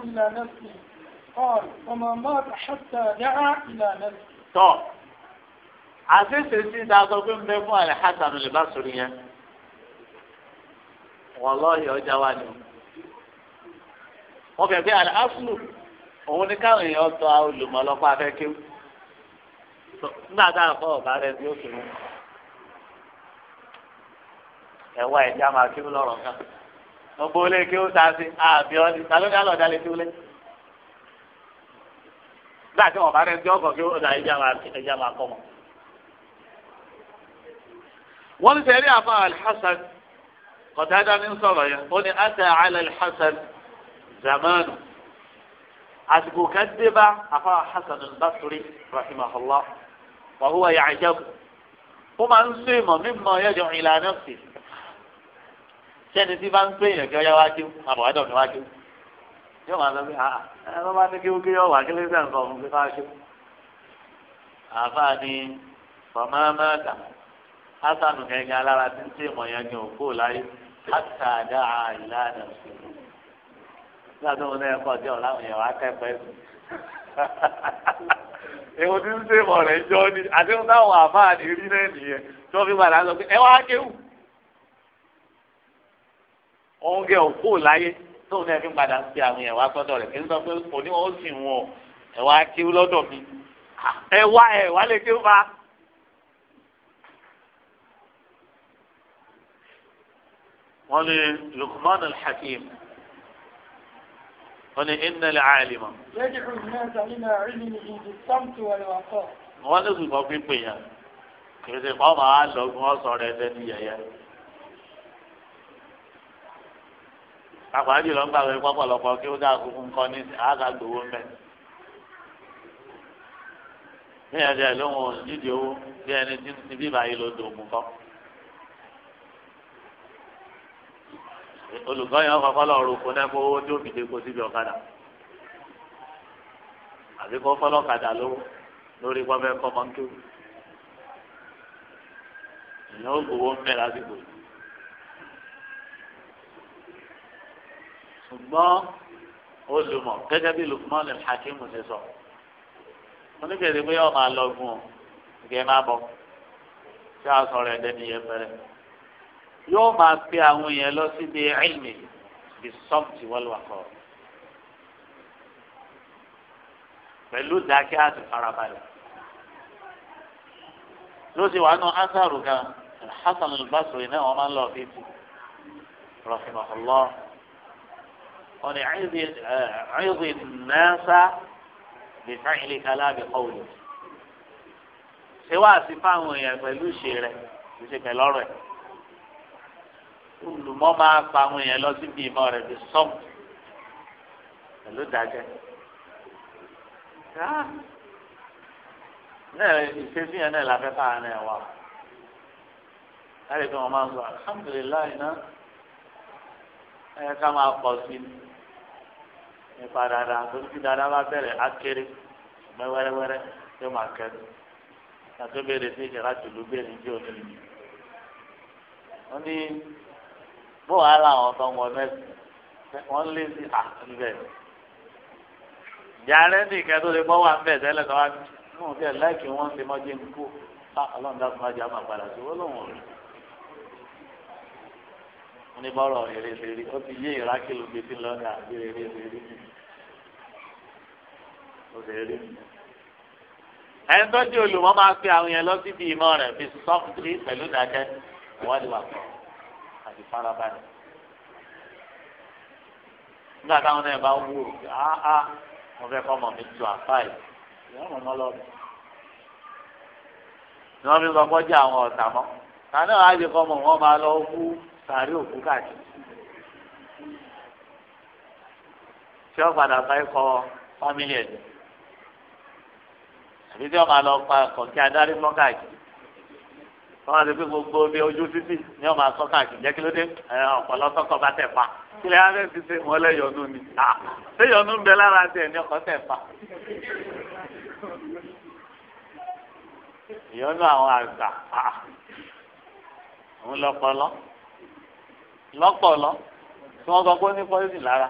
àṣìṣe sí i dáa sọ pé ń bẹ fún àlẹ hasan lè bá sori yẹn wọn lọọyẹ ọjà wa ni wọn àlẹ afúlù òun ni káwọn èèyàn tọ olùmọlọpọ afẹkéwù nígbà tá a ọba rẹ bí ó mú ẹwà lọrọ kan gbogbo olè kí ó ta sí àbí ọdí wọ́n ní sẹ́rí àfa alḥasan kọ̀tàdá ní sọ̀rọ̀ yẹn ó ní ata ala alḥasan zamanu àsìkò kan dé bá àfa alḥasan albasri rahimahullah wa huwa ya'jabu ó máa ń sè mọ̀ mímọ́ yẹjọ ìlànà sí sẹ́ni tí bá ń pè yàn kí ọyá wá kí àbọ̀wádọ̀ mi wá kí yóò máa sọ pé àà ẹ ló máa ní kí wúkí yóò kí lè sẹ́ǹkọ̀ ọ̀hún pé ká kí àfa ni fọmáàmá dàmú hasanu kẹ̀kẹ́ alára tí ń tẹ ìmọ̀ yẹn ni òkú láyé hàtà dáa ìlànà ìṣòro nígbà tó wọn náà kọ̀ díẹ̀ ọ̀làwọn yẹn wà á kẹ́pẹ́ sùn. èwo tí ń tẹ ìmọ̀ rẹ̀ jọ ni àti wọn táwọn àfáà ní rí náà nìyẹn tí wọ́n fi padà sọ pé ẹ wá kéwù. òun kẹ òkú láyé tóun náà fi padà sí àwọn yẹn wá sọ́dọ̀ rẹ̀ kí n sọ pé òní wọn ó sì wọn ẹ wá kéwù lọ́dọ̀ mi ẹ wá ẹ wá lè kéwù fa. wọ́n ní Luqman al-Hakim wọ́n ní inna al-alima. wọ́n ní ṣùgbọ́n pípé yẹn kìí ṣe kọ́ máa lọ́gbọ́n ọ̀sán rẹ̀ lẹ́nu yẹ̀yẹ́. àpàdé lọ ń gbà wẹ pọpọlọpọ kí ó dáa kúkú nǹkan ní àgà gbowó mbẹ bí ẹni ẹ lóhùn nídìí owó bí ẹni tí bíbá yìí ló dògùn kọ olùkọ́ yẹn kọ́ fọlọ́ roko náà kó owó tí ó fi dé kó síbi ọ̀kadà àbí kó fọlọ́ kadà lówó lórí pọ́fẹ́ kọ́ mọ́tò ìyẹn ó gbowó ń bẹ̀ lásìkò yìí. ṣùgbọ́n olùmọ̀ gẹ́gẹ́ bí Lukman al-Hakim ṣe sọ oníkèrè pé ọmọ alọ́gùn ò gẹ́ má bọ̀ ṣé a sọ̀rọ̀ ẹ̀dẹ́ nìyẹn fẹ́rẹ́ yóò máa pe àwọn èèyàn lọ síbi ẹ̀ẹ́mì bí sọ́ọ̀tì wọ́lùwàkọ́ pẹ̀lú dákẹ́ àti farabalẹ̀ ló sì wà nù ásàrù kan Hasan al-Basri náà wọ́n máa ń lọ fi tì rahimahullah wọ́n ní ẹ̀ẹ́dì nẹ́ẹ̀sà lè fẹ́ ilé kalá bí kọ́wé ṣé wàá sí fáwọn èèyàn pẹ̀lú ìṣe rẹ̀ ìṣe pẹ̀lú ọ̀rọ̀ ẹ̀ olùmọ́ máa pa àwọn èèyàn lọ síbi ìmọ̀ rẹ̀ bí sọ́m pẹ̀lú ìdájẹ́ náà ìṣesí yẹn náà láfẹ́ fáwọn náà wà láti fi wọn máa ń sọ alhamdulilayi náà ẹ ká máa pọ̀ sí i nípa dáadáa torí tí dáadáa bá bẹ̀rẹ̀ á kéré mẹ́ wẹ́rẹ́wẹ́rẹ́ yóò máa kẹ́rù àti ó béèrè sí ìjẹ́ra tìlú béèrè ní omi. wọ́n ní bó wàá làwọn tó ń wọ mẹsì wọn lé sí àtúbẹ yàrá nìkan tó lè bọ́ wà ń bẹ̀ tẹ́lẹ̀ tó wá nù bẹ́ẹ̀ láìkí wọ́n ti mọ́ jẹ́ ń kú ọlọ́run dá fún ajá máa padà sí wọ́n lòun ò rí wọn ní bọ́ọ̀rọ̀ eré lérí ó ti yé ìrákì ló gbé sí lọ́dà bí eré lérí ó sì rí ẹni tó di olùmọ́ máa fi àwọn yẹn lọ síbi ìmọ̀ rẹ̀ fi sọ́ọ̀tì pẹ̀lú dákẹ́ wọ́n ti wà pọ̀ farabalẹ̀ nígbà táwọn náà bá wù ó áá mo fẹ́ kọ́ ọmọ mi tu àfáì ìyá ọmọ náà lọ bẹ̀ ni wọ́n fi sọ kọjá àwọn ọ̀tà mọ́ tàní àwọn àjẹkọ́ ọmọ wọn máa lọ wú sàárè òkú káàkiri tí wọ́n padà bá ikọ̀ fámílì ẹ̀ àbí tí wọ́n máa lọ pa kọ̀kí adarí mọ́ káàkiri wọ́n á fi gbogbo omi ojú títì ní ọmọ asọ́kà àkìjẹ́ kí ló dé ọ̀pọ̀ lọ́sọ́kọ̀ bá tẹ̀ pa kí lè hàn ti ṣe wọ́n lẹ́yọ̀nù ni lẹ́yọ̀nù ń bẹ lára tiẹ̀ ní ọkọ̀ tẹ̀ pa. ìyọ́nú àwọn àgbà òun lọ́pọ̀lọ́ lọ́pọ̀lọ́ tí wọ́n sọ pé ní pọ́ìsì lára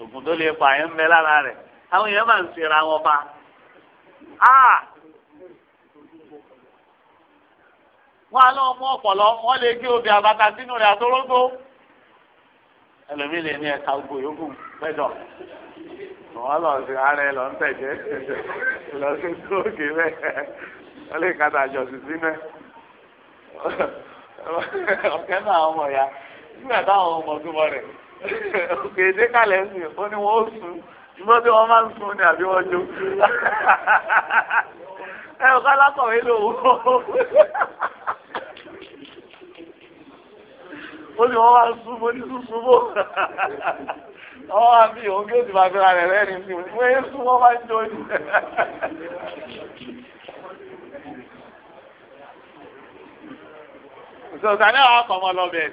ògùn tó lè pààyàn ń bẹ lára rẹ̀ àwọn èèyàn máa ń ṣera wọn pa. wọn alẹ́ wọn mú ọ̀pọ̀lọ́ wọn lè gé obì àbàtà sínú rẹ̀ àtọ́rọ́gbó ẹlòmíì lè ní ẹ̀ka gbò yókù pẹ́jọ wọn lọ sí ara ẹ lọ ń tẹ̀jẹ́ lọ sí tóògì bẹ́ẹ̀ wọ́n lè kàtà àjọsìn sí mẹ́ ọ̀kẹ́ náà ọmọ ya nígbà táwọn ọmọ tó wọ rẹ̀ òkè èdè kalẹ̀ ń sìn ó ní wọ́n ó sùn ṣùgbọ́n tí wọ́n máa ń sùn ni àbí wọ́n jó ẹ̀ ọ̀ká lákọ̀wé lòun. ó wọ́n wá súnmọ́ ní súnmọ́ ọwọ́ àmì òun kí ó ti máa fi rẹ̀ rẹ́rìn sí wọn wọ́n súnmọ́ máa ń jó ni. sọ̀tà náà wà kọ́ lọ́bẹ̀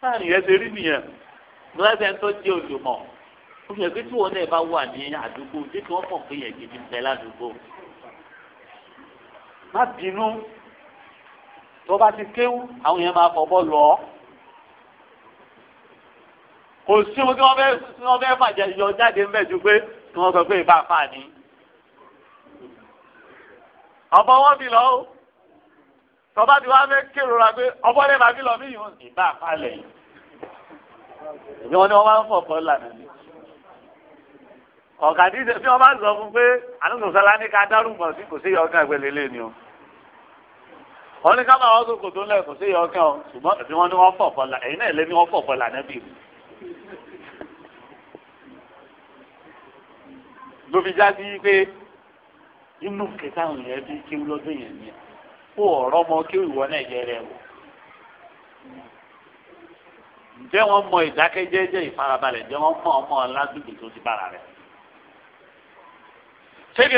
sáàrin yẹn ti rí nìyẹn lọ́sẹ̀ tó jẹ́ olùmọ̀ ó fi hàn pé tí wọn náà bá wà ní àdúgbò tí wọ́n mọ̀ pé yẹn gidi ń bẹ ládùúgbò má bínú tó bá ti kéwú àwọn èèyàn máa fọ bọ́ọ̀lù ọ́ kò sí ohun tí wọ́n fẹ́ tí wọ́n fẹ́ fàjẹ yọ jáde ńbẹ̀ ju pé tí wọ́n sọ pé ìbá fà ní. ọ̀bọ wọn fi lọ ó tọ́ba tí wọ́n fẹ́ kérora pé ọ̀bọ lè máa fi lọ níyìí ìbá fà lẹ́yìn. èmi wọn ni wọ́n máa ń fọ̀fọ́ lànà ni. ọ̀gá dídé bí wọ́n bá sọ fún pé àlùkò sọlá ní ká dárúmọ̀ sí kò sí ọ̀gá ìgbẹ́lélẹ́ ni o wọ́n ní kábàá wọn sókò tó ń lẹ́kọ̀ọ́ sí ìyọkẹ́ ọ ṣùgbọ́n ẹ̀bí wọn ní wọ́n fọ̀ fọlá ẹ̀yin náà lé ní wọ́n fọ̀ fọlá nẹ́bí mi. ló fi já sí pé inú kẹta àwọn yẹn bí kéwú lọ́dún yẹn ni kó ọ̀rọ̀ ọmọ kéwú ìwọ náà jẹ rẹ wò. ǹjẹ́ wọ́n mọ ìdákẹ́jẹ́jẹ́ ìfarabalẹ̀ ǹjẹ́ wọ́n mọ̀ ọmọ lásìkò tó ti bára rẹ̀. ṣé kí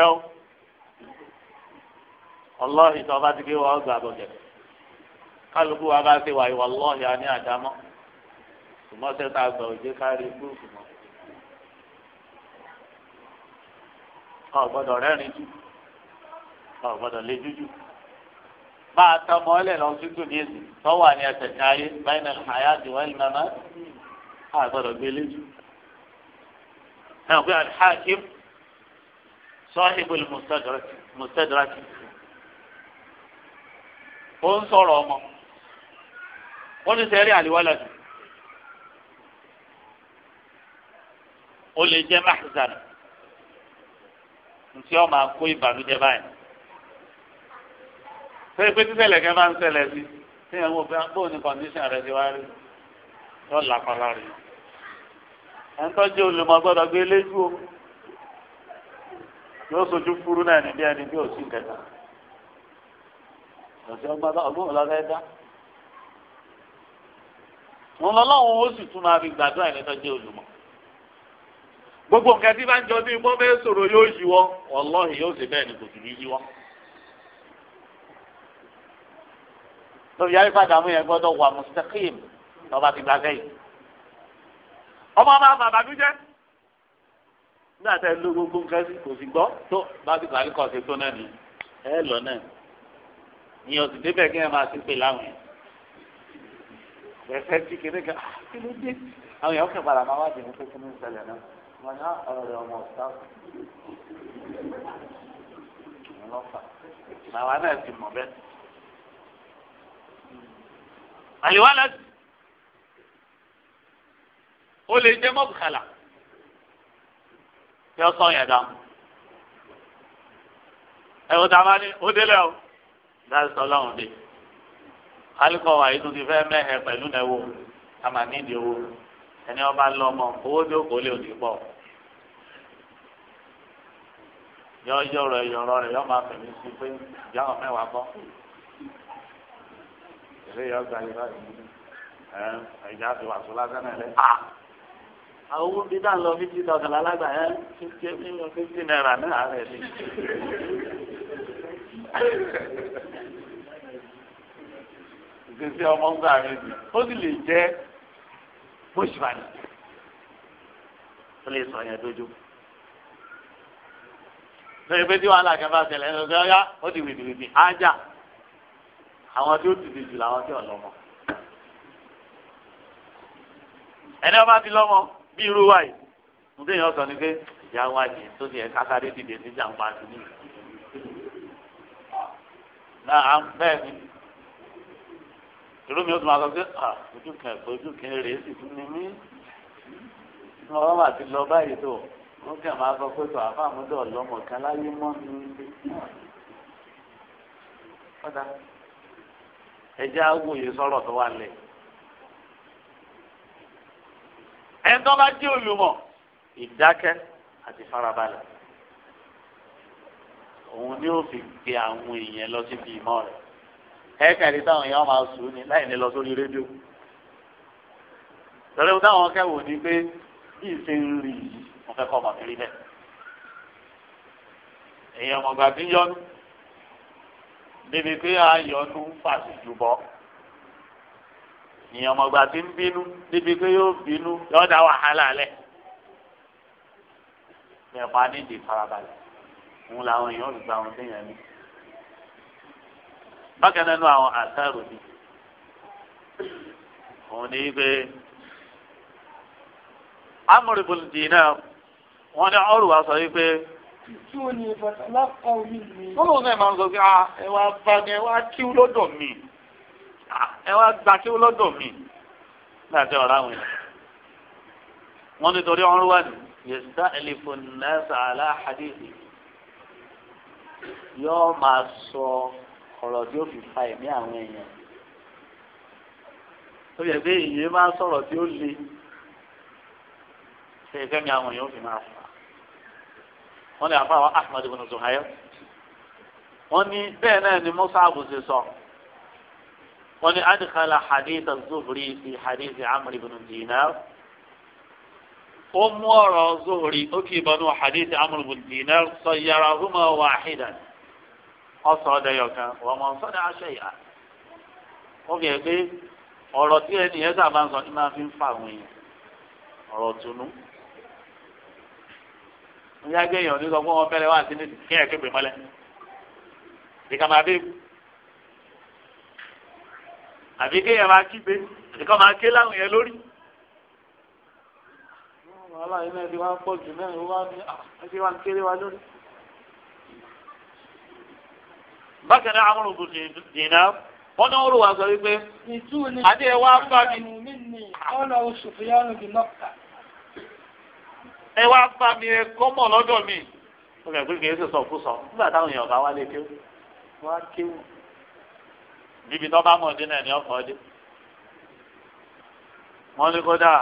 ẹ wàlọ́ọ̀hì tó bá ti gbé wa ọgbà àbọ̀jẹ̀ kálukú wa bá ti wà yìí wàlọ́ọ̀hì àní àdámọ́ ṣùgbọ́n sẹ́ta àgbà òjé kárí gúrùpù mọ́. ọ̀ gbọ́dọ̀ rẹ́rìn jù ọ̀ gbọ́dọ̀ lé jújù máa tán ọmọ ẹlẹ́ lọ sí tòníyèsí tó wà ní ẹsẹ̀ ní ayé báyìí náà àyà ti wọ́n ní màmá àgbọ̀dọ̀ gbé e lé jù. náà pé alhakim sọ́hìbùl mùsàdùrákì. ó ń sọ̀rọ̀ ọmọ wọ́n ti sẹ́rí àlìwálẹ̀ dùn ó lè jẹ́ mahzan ntí ọ máa kó ìbànújẹ́ báyìí ṣé pé títẹ̀lẹ̀ kẹ́ máa ń ṣẹlẹ̀ sí ṣé ìyẹn wọ́n bóun ní kọ́ndíṣàn rẹ̀ ti wá rí yọ làkọ́lá rí ẹ̀ ń tọ́jú olùmọ̀ gbọ́dọ̀ gbé o yóò sojú fúru náà níbi ẹni bí òsì kẹta. ọ̀sẹ̀ ọgbà bá ọdún ọ̀la fẹ́ dá. wọn lọ lọ́wọ́n ó sì tún máa fi gbàdúrà ẹni tó jẹ́ olùmọ̀. gbogbo nǹkan tí bá ń jọ bí wọ́n fẹ́ sọ̀rọ̀ yóò yí wọ́n ọlọ́hìn yóò sì bẹ́ẹ̀ ni kò sì ní yí wọ́n. lórí yàrá ìfàdàmú yẹn gbọ́dọ̀ wà mùsítẹ́kìm lọ́ba ti gbà sẹ́yìn. ọmọ máa bàbá dújẹ́ nígbà tẹ́ ló gbogbo nǹkan kò sì gbọ́ tó bá ti kàlí kọ̀ọ̀sì ní oṣù débẹ̀ kí ẹ máa ti pè láwọn yẹn ẹ̀fẹ́ tí kìnìún kan ah, kí ló dé àwọn yẹn ó kẹ́kọ̀ọ́ àmọ́ wá jẹun pé kìnìún ṣẹlẹ̀ náà wọn ní ah, ọ̀rọ̀ rẹ̀ ọmọ ọ̀sán ọlọ́fà làwa náà ti mọ̀ bẹ́ẹ̀. àyẹ̀wò aláṣẹ ó lè jẹ́ mọ́bùkàlà tí ó sọ yẹn dáhùn ẹ̀wọ̀n tá a máa ní ó délẹ̀ o láti ọlọ́run dé alikọ wàyí tó ti fẹ́ mẹ́hẹ̀ pẹ̀lú náà wò àmà nídìí owó ẹni ọba lọ ọmọ owó tó kò lè òdì pọ̀ yọ yọrọ yọrọ rẹ yọ máa fẹ̀mí sí pé ìyá ọ̀ mẹ́wàá bọ́ ìlé yọ gba ìlọ yìí ẹ ìjà ti wà sólá sẹ́nẹ̀ rẹ a àwọn owó bíi dáhùn lọ fífi dọ̀kànlá lágbà ẹ fífi náírà náà rẹ ni. ìgbésí ọmọ ń gbà rẹ bi ó sì lè jẹ mọ́ṣúárì ó lè sọ yẹn dojú lórí pé tí wàhálà kan bá ṣẹlẹ̀ ẹ̀ lọ́sẹ̀ ọ̀yá ó di wìdìwìdì ájà àwọn tí ó dìde jù làwọn tí ò lọ́mọ. ẹni ọba ti lọ́mọ bí irú wa yìí mo tẹ̀yìn ni pé ìyá wa jì tó ti ẹ̀ kákàdé dìde sí jàǹbá sí ni. náà bẹ́ẹ̀ ni irú mi ó tún máa sọ pé ojú kan ẹ̀kọ́ ojú kan rèé sì tún ní mí mo bá wà ti lọ báyìí tó wọ́n kàn máa sọ pé tó àfàmúdọ̀ lọ́mọ kan láyé mọ́ mi. ẹjẹ́ awòye sọ̀rọ̀ tó wà lẹ̀. ẹ̀ńtọ́ bá jẹ́ olùmọ̀ ìdákẹ́ àti farabalẹ̀ òun ni ó fi gbé àwọn èèyàn lọ síbi ìmọ̀ rẹ̀ ẹ̀ẹ́kẹ̀rì táwọn èèyàn máa sùn ní láì ní lọ sórí rédíò lọ́dọ̀ táwọn kẹ́wò ni pé bí ìṣe ń rí yìí wọ́n fẹ́ kọ́ ọmọ mi rí bẹ́ẹ̀ èèyàn ọmọgbà bí yọnu bíbi pé a yọnu fàṣìjù bọ́ èèyàn ọmọgbà tí ń bínú bíbi pé yóò bínú yóò dá wàhálà lẹ̀ ẹ̀fọn á farabalẹ̀ ń làwọn èèyàn olùgbà wọn ní bákan náà nínú àwọn àtàrò ni òun ni pé amúrìbùn dìínà wọn ní ọrù wa sọ wípé. tí ó ní ìbọ̀dàlá kọ́ mi ni. bọ́lá náà máa ń sọ pé ah, ẹ wá bá mi ẹ wá kíw lọ́dọ̀ mi ah, ẹ wá gba kíw lọ́dọ̀ mi láti ọ̀rá wọn wọn nítorí ọrùn wa ni yẹsà ẹlẹfọn náà sàlá àdéhùn yóò máa sọ. So, ọ̀rọ̀ tí ó fi fa ẹ̀mí àwọn èèyàn ó yẹ pé èyí máa sọ̀rọ̀ tí ó le ṣe ìfẹ́ mi àwọn èèyàn ó fi máa fà wọ́n lè àfa àwọn Ahmad ibn Zuhair wọ́n ní bẹ́ẹ̀ náà ni Musa abudu sọ wọ́n ní adìkàlà hadith az-Zuhri fi hadith Amr ibn Dinar ó mú ọ̀rọ̀ Zuhri ó kì í bọ́nú hadith Amr ibn Dinar sọ yàrá húmọ̀ wàhídàn ọsọ ọdẹ yọkan wọn mọ nsọdẹ aṣọ ìyá wọn fi hàn pé ọ̀rọ̀ tí ẹni yẹn sábà ń sọ ni máa fi ń fa àwọn èèyàn ọ̀rọ̀ tunu wọn yá gbé èèyàn nígbà wọn fẹlẹ wá sí nídìí kí ẹ képe mọ́lẹ̀ ìkà máa bí àbí kéèyàn máa kígbe ìkà máa ké láwọn yẹn lórí wàhálà yìí náà ti wá ń pọ̀ jù náà ó wá ah, ń kéré wa lórí. bákan náà amúrò bùn dìnnà wọn ní orúwà sọ wípé àti ẹ wá bá mi ẹ wá bá mi ẹ kọ́mọ̀ lọ́dọ̀ mi ó lè gbé kìí sọ fún sọ nígbà táwọn èèyàn bá wá lè kéwù wá kéwù níbi tó bá mọ̀ ọdún náà ní ọkọ̀ ọdún wọ́n ní kódà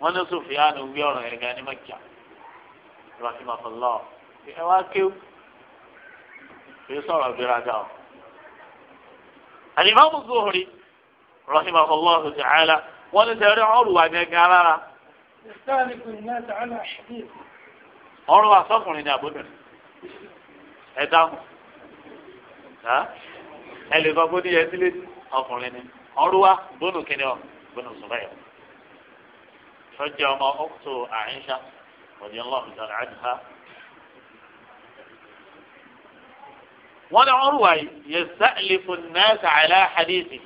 wọ́n ní sùfìyàn wí ọ̀rọ̀ ẹ̀gá ní mẹ́kíà ìwà kí màá fọ́ lọ́ọ̀ ẹ wá kéwù kì í sọ̀rọ̀ gbéraga o. àlìmọ́ Zuhri rahimahullah ta'ala wọ́n ní sẹ́rí ọ̀rù wà gẹ́gẹ́ rárá. ọ̀rù wà sọ́kùnrin ní àbúrò ẹ̀ dáhùn ẹ lè sọ fún níyẹn sílé ọkùnrin ni ọ̀rù wà gbónú kìnìún ọ̀ gbónú sùnmọ́ yẹn. sọ́jà ọmọ ọ̀tún àyíṣà radiyallahu ta'ala anha. wọ́n ní ọrùwà yẹ sáàlì fún nẹẹsì aláhadìsì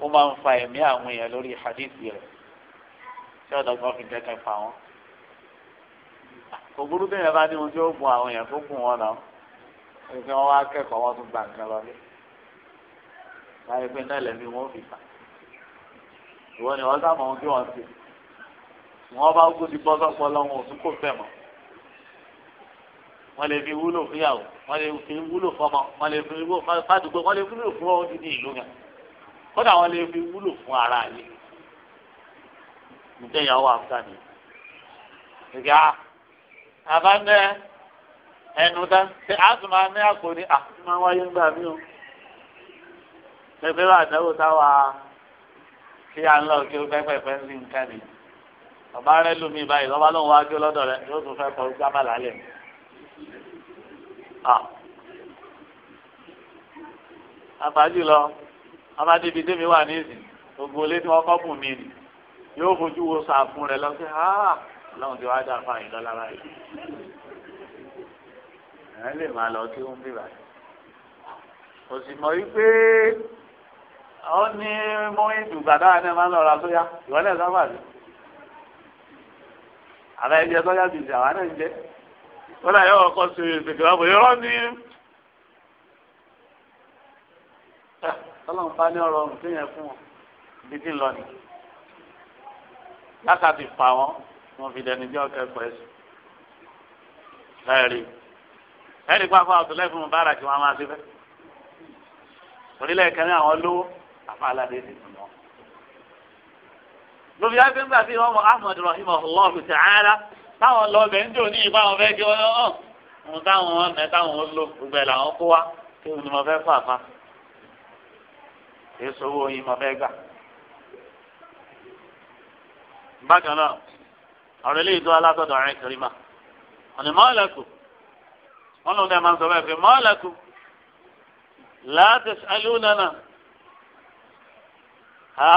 ó máa ń fa ẹ̀mí àwọn èèyàn lórí hadìsì rẹ̀ tí ọ̀dọ́ gbọ́ fi kẹ́kẹ́ fa wọn. kò burú bẹ́ẹ̀ bá ní ohun tí ó gun àwọn èèyàn tó gun wọn náà ẹni tí wá kẹ́kọ̀ọ́ wọn tún gbà nǹkan lọ ní. láyé pé náà lẹ́mí wọn ò fi fà ìwọ ni wọ́n sábà ohun tí wọ́n ti wọ́n bá gbódì bọ́sọ̀pọ̀ lọ́wọ́ òtún kò fẹ́ mọ́ wọ́n lè fi wúlò fúyàwó wọ́n lè fi wúlò fọmọ wọ́n lè fi wúlò fàdúgbò wọ́n lè fi wúlò fún ọ́ dídí ìlú yẹn kódà wọ́n lè fi wúlò fún ara yìí ǹjẹ́ ìyàwó àfúgàní. ìgbà àbá ẹnu dá ṣe àtúmọ̀ ní àkòrí àtúmọ̀ wáyé ńgbà mí o. pẹpẹ wà dẹ́wò táwa kí à ń lọ kí o fẹ́ pẹpẹ ń sìn kẹ́ni. ọ̀bá rẹ lùmí báyìí lọ́ba lóun wá gbé lọ́dọ̀ rẹ yóò tún fẹ́ kọ́ gbábàlá lẹ̀ mí àfàájù lọ amadébi tèmi wà nísìn gbogbo ilé tí wọn kọ́ bùn mí ni yóò fojú wo sàfún rẹ lọ sí ha lọ́hùn tí wàá dà fáyín lọ́la báyìí ẹ̀ lè máa lọ kí ó ń bíbáyìí òsì mọ̀ wípé ọ ní mọ́yìn dùgbà dáa náà máa ń lọ́ra sóyá ìwọ́lẹ̀ sábà ní. àbẹ̀yẹ sọ́yà bìsì àwa náà jẹ́ wọn náà yọ ọkọ sí ìsìnkìlá bò yọrọ ní. ọlọ́run fa ní ọ̀rọ̀ ọ̀run kéèyàn fún wọn dídín lọ ni lákàtí fà wọn wọn fi dẹni bí ọkẹ pẹ sí lẹ́ẹ̀rí ẹ̀rí pápá ọ̀tọ̀lẹ́ fún mubara kí wọ́n máa ṣe fẹ́ orílẹ̀ kẹrin àwọn lówó àfa aládé ti tún lọ. lóbi á gbé ńgbà tí wọ́n mọ Ahmad rahimahullah ta'ala táwọn lọ bẹ̀ ń dò ní ìbá wọn fẹ́ kí wọ́n hàn mo táwọn ọ̀nà táwọn lò gbogbo ẹ̀ làwọn kó wá kí ni mo fẹ́ fà fa èso owó yìí mo fẹ́ gbà. bákan náà ọ̀rọ̀ ilé ìdó alátọ̀dọ̀ ọ̀rẹ́ kiri ma ọ̀nà mọ́ọ̀lẹ́kù wọn lòun náà máa ń sọ bẹ́ẹ̀ pé mọ́ọ̀lẹ́kù láti alúnana ha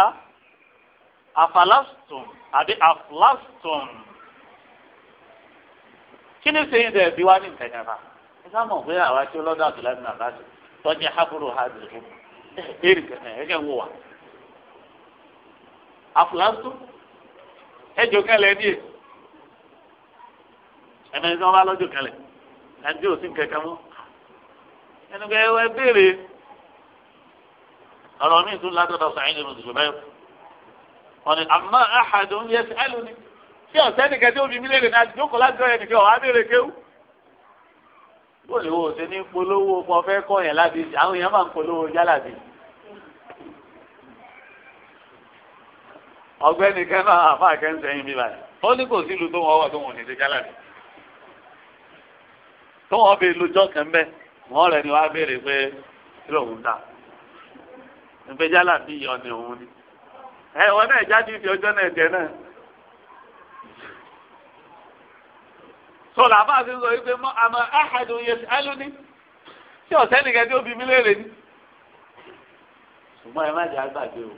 afalastum àbí afalastum. kí ni sèyí tẹ̀ fi wá ní nkẹ́kẹ́ fa ẹ sá mọ̀ pé àwa tí ọlọ́dọ̀ àti láti nàbà tó tọ́jú àbúrò ha bẹ̀rẹ̀ fún mi èrì kẹ̀kẹ́ ẹ̀kẹ́ wò wá. àfúlàntó ẹjọ kẹlẹ ní è ẹnì tí wọn bá lọ́jọ́ kẹlẹ ẹni tí ò mọ́ ẹnu béèrè ọ̀rọ̀ mi tún sàyìn nínú báyìí tí ọ̀sẹ́ nìkan tí ó fi mílíọ̀nù náà jókòó láti ọ̀yẹ́ nìkan ọ̀há béèrè kéwú. bó lè wo òsè ní polówó mo fẹ́ kọ́ yẹn láti àwọn èèyàn máa ń polówó jálàbí. ọ̀gbẹ́ni kan náà àfa àkẹ́ńsẹ̀ yín bí báyìí ó ní kò sí ìlú tó wọ́n wà tó wọ́n ní ti jálàbí. tó wọ́n bẹ lójọ́ kan bẹ́ẹ̀ wọ́n rẹ̀ ni wọ́n á béèrè pé kí lóun dà ìgbẹ́jálàbí yọ ni òun ni. ẹ̀ wọ́n náà. sọ làbá ti sọ wípé mọ àmọ́ ahadun yas'aluni tí ọ̀sẹ́ nìkan tí ó bí mí léèrè ni. ṣùgbọ́n ẹ má jẹ́ àgbàgbé o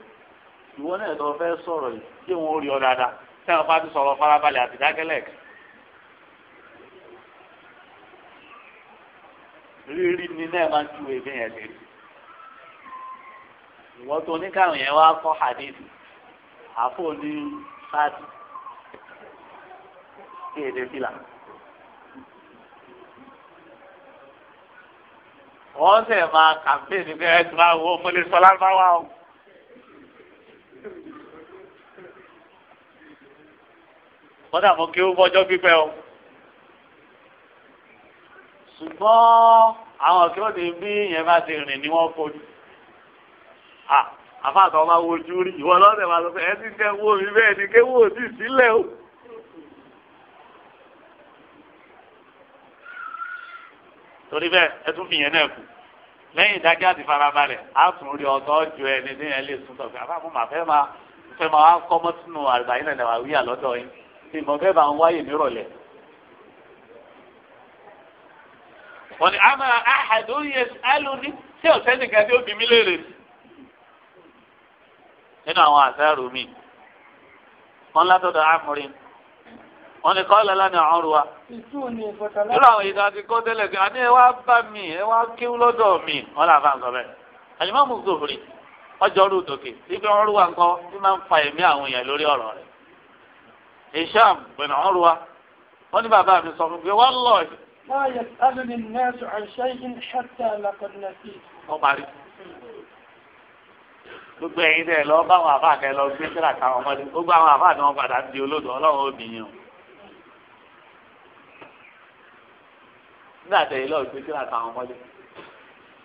ìwọ náà lọ fẹ́ sọ̀rọ̀ yìí kí wọ́n rí ọ dáadáa sẹ́wọ̀n bá ti sọ̀rọ̀ farabalẹ̀ àti dákẹ́lẹ̀. rírí ni náà máa ń ju èmi yẹn lé ìwọ́n tó ní káwọn yẹn wá kọ́ hadith àfọ̀ ní sáàtì kí èdè fìlà. wọ́n sẹ̀ máa kàmpéènì pé ẹ ti máa wo mo lè sọ lárúbáwá o. kódà mo kí ó bọ́jọ́ pípẹ́ o. ṣùgbọ́n àwọn kí ó bí ìyẹn bá ti rìn ni wọ́n kojú. àfàtàn máa wojú rí ìwọ lọ́sẹ̀ máa sọ pé ẹ ti jẹ́ wo mi bẹ́ẹ̀ ni kéwò sí sílẹ̀ o. torí bẹ́ẹ̀ ẹ tún fi yẹn náà kù lẹ́yìn ìdájọ́ àti farabalẹ̀ á tún rí ọ̀tọ́ ju ẹni ní ẹ lè sùn sọ̀fẹ́ àbámu mà fẹ́ máa fẹ́ máa kọ́mọ́ sínú àgbáyìn náà wà wíyà lọ́dọ̀ yín tí mo fẹ́ bá ń wáyè nírọ̀lẹ́. wọ́n ní àmà àhàdó yẹ tí ọ̀sẹ́ nìkan tí ó bí mí léèrè sí. nínú àwọn àṣà rumi wọ́n látọ̀dọ̀ amúrin wọn ni kọ́ lọ́la ni àwọn ruwa. nínú àwọn ìdá ti kó tẹ́lẹ̀ sí àní ẹ wá bá mi ẹ wá kí ń lọ́dọ̀ mi wọn là bá ń sọ bẹ́ẹ̀. àyùmọ́ mu zòfòrì ọjọ́ rú tòkè ibi wọn ruwa nǹkan tí máa ń fa ẹ̀mí àwọn èèyàn lórí ọ̀rọ̀ rẹ̀. isham gbẹ̀nà wọn ruwa wọn ní bàbá mi sọ fún mi wọn lọ. gbogbo ẹ̀yin tẹ lọ bá àwọn àbá kẹ lọ gbé sílà káwọn ọmọdé gbogbo àwọn àbá ni wọn padà di olódò Ọlọ́run ó bìyàn nígbà tẹ̀yìn lọ́ọ́ gbé tíra káwọn mọ́lé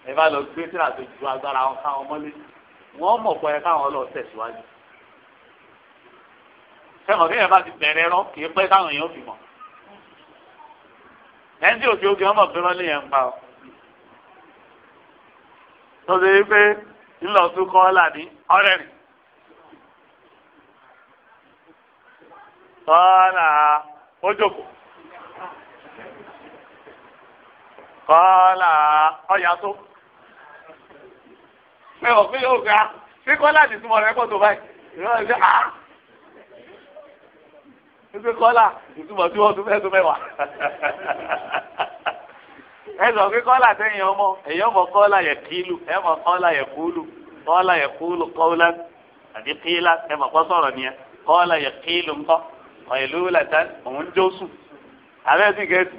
ẹ bá lọ gbé tíra tó ju agbára wọn káwọn mọ́lé wọ́n mọ̀ pé káwọn lọ tẹ̀síwájú. sẹ́wọ̀n bí ẹ bá ti bẹ̀rẹ̀ rán kì í pẹ́ káwọn èèyàn fi mọ̀. ẹni tí òkè òkè ọmọ bí wọ́n lè yẹn ń pa ọ. tó ṣe é pé ńlọtún kọ́ làdí ọ̀rẹ́ rìn. tọ́lá ó jókòó. kọ́lá ọ̀yà tó. Ẹ ò fi yóò ga sí kọ́lá ti túmọ̀ rẹ̀ pọ̀ tó báyìí. Ìrọ̀lẹ́ ṣe à. Ah. Ṣé kọ́lá ìtumọ̀ tí wọ́n tún fẹ́ tó mẹ́wàá? Ẹ sọ pé kọ́lá sẹ́yìn ọmọ, ẹ̀yìn ọmọ kọ́lá yẹ kílù, ẹ mọ kọ́lá yẹ kúlù, kọ́lá yẹ kúlù kọ́lá àti kílá ẹ mọ̀ kọ́ sọ̀rọ̀ nìyẹn, kọ́lá yẹ kílù ńkọ́, ọ̀yẹ̀lú làtà òun jó sùn. Àbẹ́ẹ̀sì gẹ̀ẹ́sì.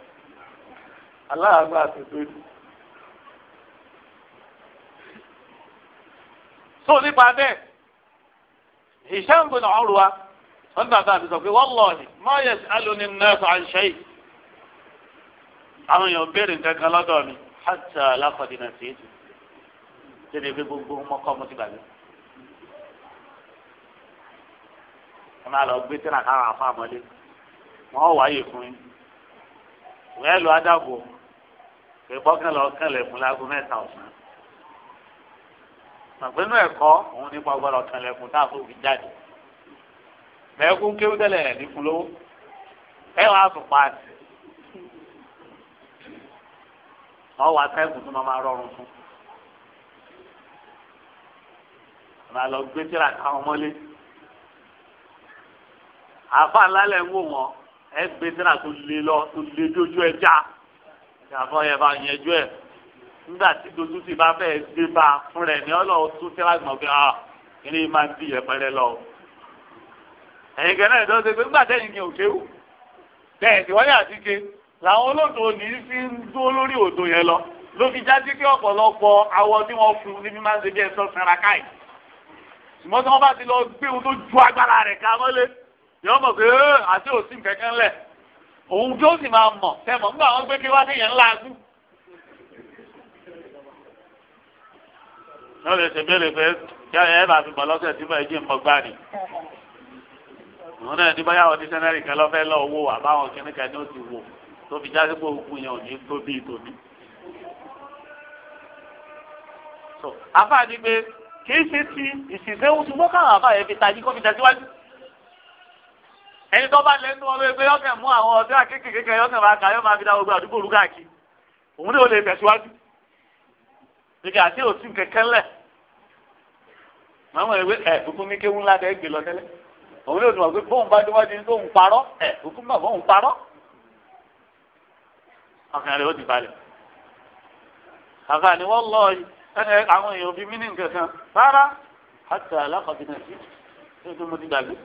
aláàánú àti tóní. so nípa bẹ́ẹ̀ Hisham bin Urwa wọ́n ní bàbá mi sọ pé wallahi ma yas'aluni an-nas an shay' àwọn èèyàn béèrè nǹkan kan lọ́dọ̀ mi hatta laqad nasitu tẹ́lẹ̀ pé gbogbo mọ́kọ́ mo ti gbàgbé. wọ́n máa lọ gbé tẹ́lá káwọn afọ àmọ́lé wọ́n wáyé fún yín wẹ́ẹ́ adágún pé bọ́kànlá ọ̀kànlẹ̀ fún lágùn mẹ́ta ọ̀sán àgbẹ̀nú ẹ̀kọ́ òun ní gbọ́gbọ́n ọ̀kànlẹ̀ fún táàfù fi jáde mẹ́kún kéwú tẹ́lẹ̀ ẹ̀ ní fún lówó ẹ wàá tún pa àti wọ́n wá sẹ́kùn tó máa rọrùn fún màá lọ gbé tíra káwọn mọ́lé àfa ńlá lẹ̀ ń wò wọ́n ẹ gbé tíra tó lé lọ tó lé dójú ẹ já ìyàbọ̀ yẹn bá yẹjú ẹ̀ nígbà tí dojú ti bá fẹ́ gbé bá a fún rẹ̀ ní ọlọ́run tún sí lágbọ̀n pé ah kíní máa ń di yẹpẹrẹ lọ. ẹ̀yin kẹ́ náà ìdánwò ṣe pé nígbà tẹ́yìn kí n ò kéwù bẹ́ẹ̀ tí wọ́n yà sí ke làwọn olóòtú òní fi ń dúró lórí òdo yẹn lọ ló fi jáde kí ọ̀pọ̀lọpọ̀ awọ tí wọ́n fún níbi máa ń ṣe bí ẹ̀sọ́ sanra káì ṣùgbọ́n tí wọ́n bá ti lọ gbé òun bí ó sì máa mọ̀ fẹ́mọ̀ nígbà wọn gbé kí wá níyẹn ńlá dùn. náà lè ṣe béèrè pé yá ẹ bá fi bọ̀ lọ́sẹ̀ tí mo ẹ jí ń bọ gbá ni. òun náà ní báyà ọdún sẹ́nẹ́rì kan lọ́fẹ́ lọ́ọ́ wò àbáwọn kìnnì kan ní ó ti wò tó fi já sípò òkú yẹn ò ní tó bí tòní. àfáà ni pé kì í ṣe ti ìsìnkú ewu ṣùgbọ́n káwọn àfáà yẹn fi tají kó fi tẹ̀síwájú ẹni tó bá lẹ́nu ọlọ́ ẹgbẹ́ yọkàn mú àwọn ọdẹ akékèké yọkàn máa kà yọ máa fi dá gbogbo àdúgbò olúkà kí òun náà lè tẹ̀síwájú nígbà àti òtún kẹ̀kẹ́ lẹ̀ màmá ẹgbẹ́ ẹ̀ kúkú ní kéwú ńlá tẹ́ lọ tẹ́lẹ̀ òun náà dùn ọ̀gbẹ́ bóun bá déwájú ní tóun parọ́ ẹ̀ kúkú mọ̀ bóun parọ́ ọkàn rẹ̀ ó ti balẹ̀ àfààní wọ́n lọ ẹni àwọn èèyàn bíi mí ní nǹkan kan rárá àti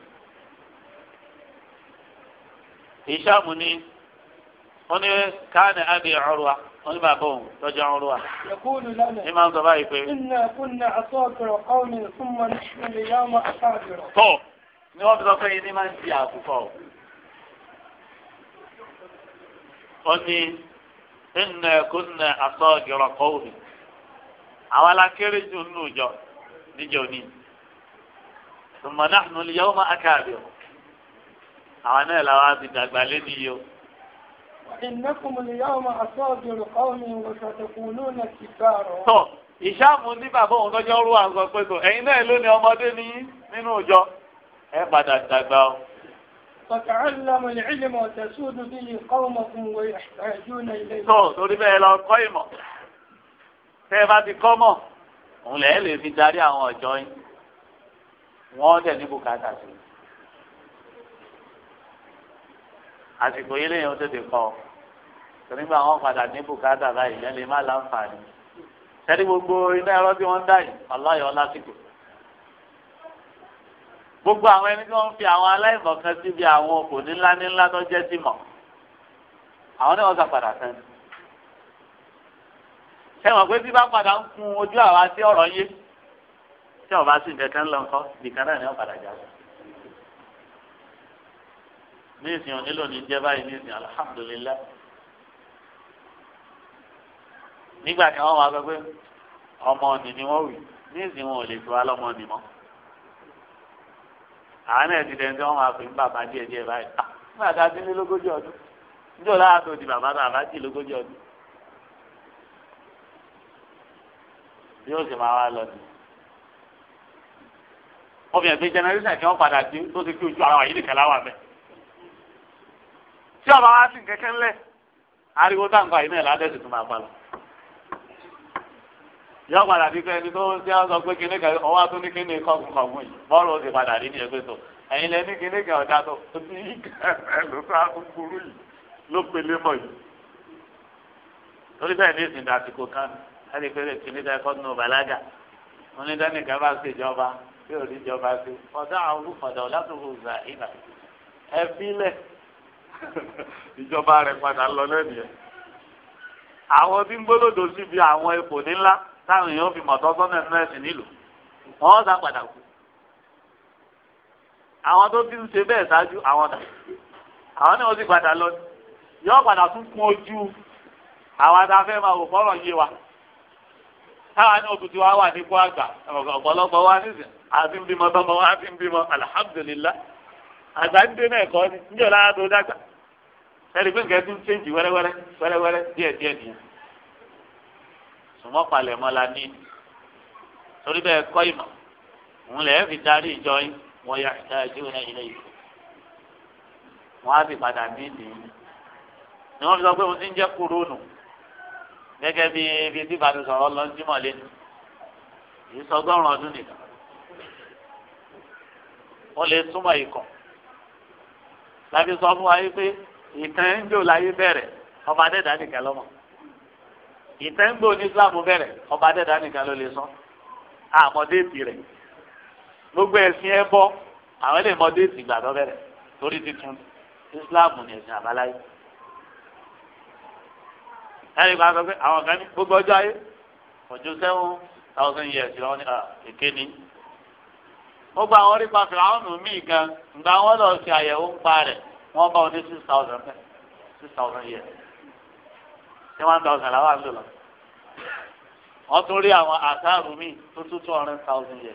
ìṣàmù ni wọ́n ní káàní àbí ọ̀rùwà wọ́n ní bàbá òun lọ́jọ́ ọ̀rùwà. ní máa ń sọ báyìí pé. tó ni wọ́n fi sọ pé ní máa ń di àkùkọ. ó ní ìnà kúnnà àtọ́gìrọ̀ kọ́ọ̀mì àwọn alákéré jù nínú ìjọ níjọ ní. ثم نحن اليوم أكابر àwọn náà làwọn àti dàgbà lẹ́nu yìí o. ìnákùn mi yàwó máa sọ òdòdó káwọn mi wò ṣàtẹ̀kùn lónà ti bá rọ. tọ ìṣàmù ní bàbá òun lọ́jọ́ rú àǹsọ pé tó ẹ̀yin náà lónìí ọmọdé ní nínú ìjọ ẹ padà dàgbà o. فتعلموا العلم وتسود به قومكم ويحتاجون إليه. tó torí bẹ́ẹ̀ lọ kọ́ ìmọ̀ tẹ́ ẹ bá ti kọ́ mọ̀ òun lẹ́ẹ̀ lè fi darí àwọn ọ̀jọ́ yín wọ́n tẹ̀ ní bùkátà sí i. àsìkò yìí lèyìn ó tètè kọ nígbà wọn padà ní bùkátà báyìí yẹn lè má láǹfààní sẹ́ni gbogbo iná ẹ̀rọ tí wọ́n ń dà yìí aláyọ̀ lásìkò gbogbo àwọn ẹni tí wọ́n ń fi àwọn aláìmọ̀kan síbi àwọn òkò nílá nílá tó jẹ́ sí mọ̀ àwọn náà wọ́n sà padà sẹ́ni sẹ́wọ̀n pé bí bá padà ń kun ojú àwa sí ọ̀rọ̀ yé tí ọba sì ń kẹ́kẹ́ ń lọ nǹkan nìkan náà ni wọ́n padà jáde nísìn onílò ní jẹ́ báyìí nísìn alihamudulilá nígbà tí wọ́n wá sọ pé ọmọ ọ̀nì ni wọ́n wì nísìn wọn ò lè fi wá lọ́mọ ọ̀nì mọ́ àánú ẹ̀ ti dẹ̀ tí wọ́n máa fi ń bàbá díẹ̀ díẹ̀ báyìí ah, nígbà tá a ti ní lógójì ọdún níjọ́ láàá tó di bàbá bàbá jì lógójì ọdún yóò sì máa wá lọ ni obìnrin pé jẹnẹrẹsì àti wọn padà tó ti fi ojú ara wà yìí nìkan láwà bẹ́ẹ̀ tí ọba wa sì kẹ̀kẹ́ ńlẹ̀ ariwo tá n fa iná ẹ̀ ládẹ́sì tó máa pa lọ. yọ padà bí pé ẹni tó ti sọ pé kíní kan ọwọ́ tó ní kíní kọ́kùn kọ̀ọ̀mù yìí bọ́ọ̀lù ó ti padà rí ní ẹgbẹ́ tó ẹ̀yin lẹ ní kíní kan ọ̀dà tó ní ẹ̀lú sá kúkúrú yìí ló pélé mọ́ yìí. torí bẹ́ẹ̀ ní ìsìn àsìkò kan ẹni pé kíní kan kọ́ nù bàlágà wọn ní dánìkan bá ṣèjọba bí ò ìjọba rẹ̀ padà lọ lẹ́nu yẹn. àwọn tí ń gbólódò síbi àwọn ipò nílá táwọn èèyàn fi mọ̀tọ́ sọ́nà ẹ̀sìn ẹ̀sìn nílùú wọ́n sá padà kú. àwọn tó ti ń ṣe bẹ́ẹ̀ ṣáájú àwọn dà àwọn náà sì padà lọ yọ padà tún kún ojú àwọn adáfẹ́ máa wò fọ́rọ̀ yé wa táwa ní oṣù tí wàá wà ní kó àgbà ọ̀pọ̀lọpọ̀ wa nísìnyí àti ń bímọ tọmọ wa àti ń bímọ alihamudulilayi àgbàdo náà kọ́ ni níjọ́ lára tó dàgbà ẹni pé nǹkan tó ń tẹ́jì wẹ́rẹ́wẹ́rẹ́ wẹ́rẹ́wẹ́rẹ́ díẹ̀ díẹ̀ nìyẹn sùmọ́ palẹ̀ mọ́ la ní torí bẹ́ẹ̀ kọ́ ìmọ̀ òun lẹ́ẹ̀ fi darí ìjọ yín wọ́n yà ìta ìdíwọ̀n náà ilé ìfọ̀ wọ́n á sì padà ní ìdí yìí ni wọ́n fi sọ pé mo ti ń jẹ́ kúrónù gẹ́gẹ́ bí ibi tí ìbánu sọ̀rọ̀ lọ sí mọ̀lẹ́ yìí sọgọ́rùn ọdún nìkan wọ́n lè túmọ̀ ìkàn láti sọ fún wa yìí pé ìtàn ń jò láyé bẹ̀rẹ̀ ọba adẹ́dá nìkan lọ́mọ ìtàn ń gbò ní Islam bẹ̀rẹ̀ ọba adẹ́dá nìkan ló lè sọ àmọ́dé ti rẹ̀ gbogbo ẹ̀sìn ẹ bọ́ àwọn ilé mọ́dé ti gbàdọ́ bẹ̀rẹ̀ torí titun Islam ní ẹ̀sìn àbáláyé ẹni kan sọ pé àwọn kan ní gbogbo ọjọ́ ayé ọjọ́ seven thousand years lọ́wọ́ ní èké ó gba àwọn orípa fìlàwọ́nù míì gan ìgbà wọn lọ ṣe àyẹ̀wò ń pa rẹ̀ wọ́n bá wọn ní six thousand fẹ́ six thousand yẹ ṣé one thousand làwọn àgbẹ̀ lọ. wọ́n tún rí àwọn àṣàrù míì tó tún two hundred thousand yẹ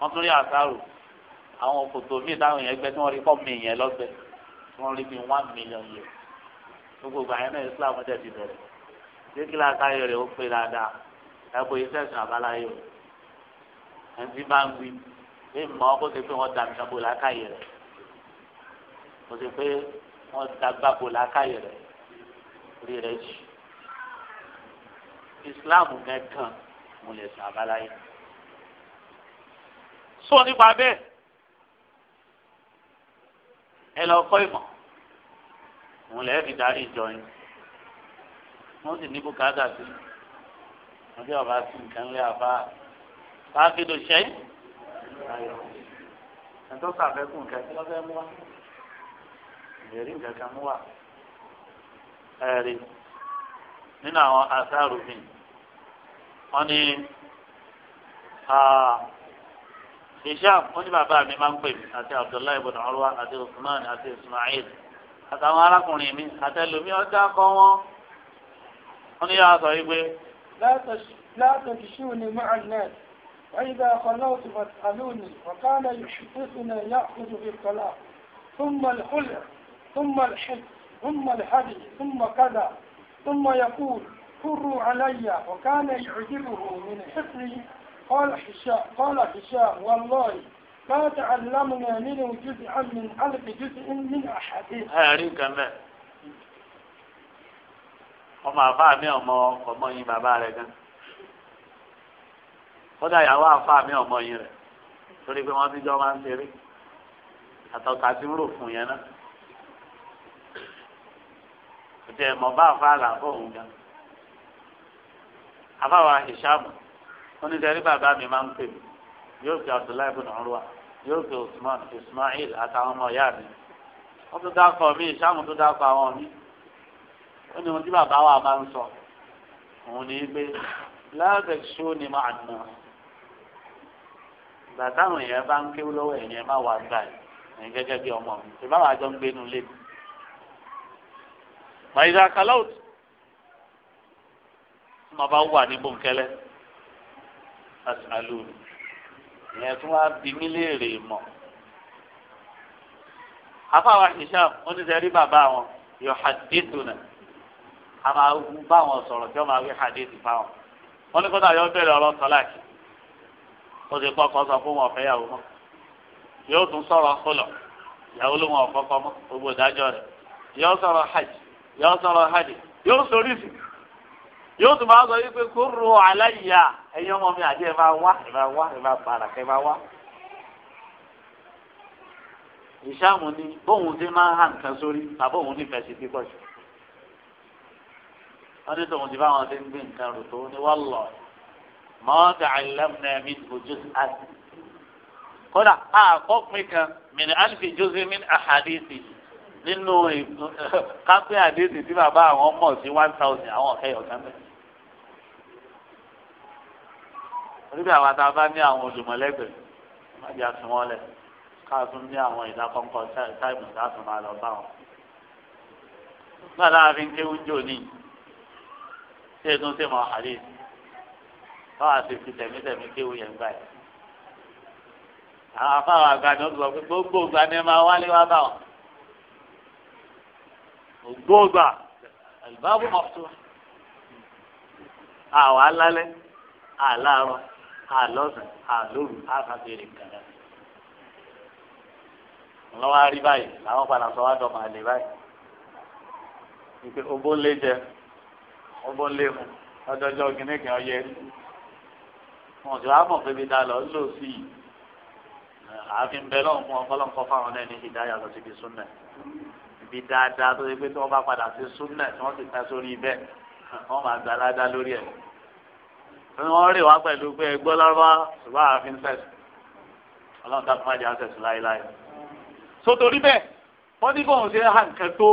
wọ́n tún rí àṣàrù àwọn kòtò míì táwọn èèyàn gbẹ tí wọ́n rí pọ́ mi yẹn lọ́gbẹ́ tí wọ́n rí bíi one million yẹ gbogbo ìgbà yẹn náà Islam dẹ̀ ti bẹ̀rẹ̀ ṣé kí láàkáyọ̀ rẹ̀ ó pé dáadáa ẹ̀ bọ̀ bí mọ́ kó ṣe pé wọ́n da nǹkan bò lákàyè rẹ̀ kó ṣe pé wọ́n da gbà bò lákàyè rẹ̀ rí rẹ̀ jù Islam mẹ́kàn mo lè sàn abáláyé sọ nípa bẹ́ẹ̀ ẹ lọ kọ́ ìmọ̀ òun lè fi darí ìjọ yín wọ́n sì ní bùkátà sí ọjọ́ ọba sí nǹkan lé àbá sáà kéde ṣẹ́yìn sáyọ ẹ̀ńtọ́ sàfẹ́kùn kẹsí lọ́fẹ́ mú wa ìrírí kankan mú wa ẹ̀rí nínú àwọn àṣàrò mi wọ́n ní hisham wọ́n ní bàbá mi máa ń pè mí àti abdullahi ibn urwa àti usman àti ismail àtàwọn arákùnrin mi àtẹlómi ọjà kọ wọn wọ́n ní yàrá sọ wípé. látọ̀ kìí ṣe òní mọ́ àgbẹ̀. وإذا خلوت فاسألوني وكان يحدثنا يأخذ بالطلاق ثم الخلع ثم الحج ثم الحج ثم كذا ثم يقول فروا علي وكان يعجبه من حفظه قال هشام قال هشام والله ما تعلمنا منه جزءا من ألف جزء من أحاديث هاري كمان وما àbá mi ọmọ ọmọ yín bàbá rẹ kódà ìyàwó àfa mi ọmọ yìí rẹ̀ torí pé wọ́n ti jọ máa ń ṣeré àtọ̀kà ti ń rò fún yẹn náà kò tẹ̀ mọ̀ bá àfa àlàfọ̀ òun gan àfàwà ìṣàmù onídẹ̀rí bàbá mi máa ń pè mí yóò fi Abdullahi bin Urwa yóò fi Usman Ismail àtàwọn ọmọ ìyá mi wọ́n tún dákọ̀ mí ìṣàmù tún dákọ̀ àwọn mi ó ní ohun tí bàbá wa máa ń sọ òun ní pé láàbẹ̀ ṣó ni máa nà án gbàtàwọn èèyàn bá ń kéwú lọ́wọ́ ẹ̀yìn ẹ̀ má wà gbà ẹ̀yìn gẹ́gẹ́ bí ọmọ mi ìbá wàá jọ ń gbénu lé mi. màyíṣà kàlọ́ọ̀tù tí mo bá wà ní bòńkẹ́lẹ́ àlùmí ìyẹn tún wá bí mí léèrè mọ̀. afáwa hisham oníṣẹ́rí bàbá wọn yóò hadithuna a máa bá wọn sọ̀rọ̀ tí wọ́n máa wí hadith fáwọn. wọ́n ní kó tàbí wọ́n bẹ̀rẹ̀ ọ̀rọ̀ tọ́láàkì ó ti sọ fún wọn ọ̀fẹ́ yàwó mọ́ yóò tún sọ̀rọ̀ kólọ̀ yàwó ló wọn ọ̀kọ́kọ́ mọ́ gbogbo ìdájọ́ rẹ̀ yóò sọ̀rọ̀ hajj yóò sọ̀rọ̀ hajj yóò sọ̀rọ̀ ìsìn yóò tún máa sọ yìí pé kó ro aláìyá ẹ̀yin ọmọ mi àti ẹ̀ máa wá ẹ̀ máa wá ẹ̀ máa bàrà ẹ̀ máa wá. ìṣàmù ni bóun ti máa hàn kan sórí tàbí òun nífẹ̀ẹ́ sí kíkọ́ jù. wọ́n ní tòun ti bá wọn ti ń gbé nǹkan rò tó ní wọ́n lọ̀ọ́ mọ́tà àlẹ́mùnà mi ojú àti. kódà àkọ́pin kan mìíràn alifi jose min àhàdìsì nínú kápẹ́ àdìsì tí bàbá àwọn mọ̀ sí one thousand àwọn ọ̀kẹ́ ọ̀gá mẹ́rin. oríbi àwọn tá a bá ní àwọn olùmọ̀lẹ́gbẹ̀ẹ́ má jẹ́ àfin wọn lẹ̀ káàtún ní àwọn ìdákọ́ńkọ́ táìmù láti máa lọ bá wọn. nígbà tá a fi ń kéwú jò ní ṣé ètò ń ṣe mọ́ àdìsì káwá sì fi tẹ̀mítẹ̀mí kéwù yẹn gbà yẹn. àwọn afáwọn àgbàdo ń sọ pé gbogbo ìgbà ni ẹ máa wálé wá bá wọn. gbogbo ìgbà àlùbáàbò mọ̀tò àwọn alálẹ́ àlárọ̀ àlọ́sàn àlóru àfàbèrè kàdà. lọ́wọ́ arí báyìí làwọn padà sọ wá dọ̀mọ̀ àlè báyìí. ìpè ogbó ń lé jẹ ogbó ń lé mu ọjọ́jọ́ kìnnìkan ọyẹ wọn jọ àmọ̀ pé mi dá lọ ńlò sí i ààfin bẹ lọ́wọ́ fún ọpọlọpọ fáwọn náà ní ìdáyà lọ síbi súnà ibi dáadáa tó ṣe pé tí wọ́n bá padà sí súnà tí wọ́n sì ta sórí bẹ́ẹ̀ wọ́n máa gba aládá lórí ẹ̀ wọ́n rè wá pẹ̀lú pé ẹgbọ́n lọ́wọ́ ṣùgbọ́n ààfin sẹ̀sì ọlọ́run tá a fún àjẹ́ àṣẹ̀sì láéláé so torí bẹ́ẹ̀ wọ́n ní bọ́ọ̀n ṣe hàn kan tó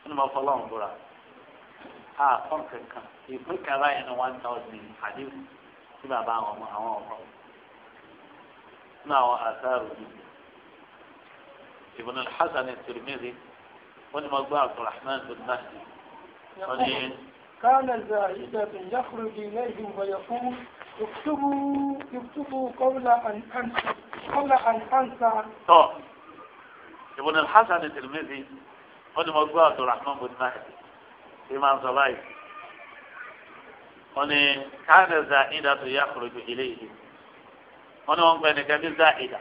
wọ́n ní mo fọlọ́run búra ah fọ́n kankan ìpín kan báyìí ní one thousand àdéhùn sí bàbá àwọn ọmọ àwọn ọmọ nínú àwọn àtàrò yìí ibùdó hasan tìrìmìrì wọn ni mo gbọ́ abdulrahman bin mahdi wọn ni. كان زاهدا يخرج إليهم ويقول اكتبوا اكتبوا قبل أن أنسى قبل أن أنسى. ابن الحسن الترمذي قد مقبول عبد الرحمن بن مهدي في منصبيه wọn ni káàdì zaida tó yá kúròjù ilé yìí wọn ni wọn pẹ nìkan bí zaida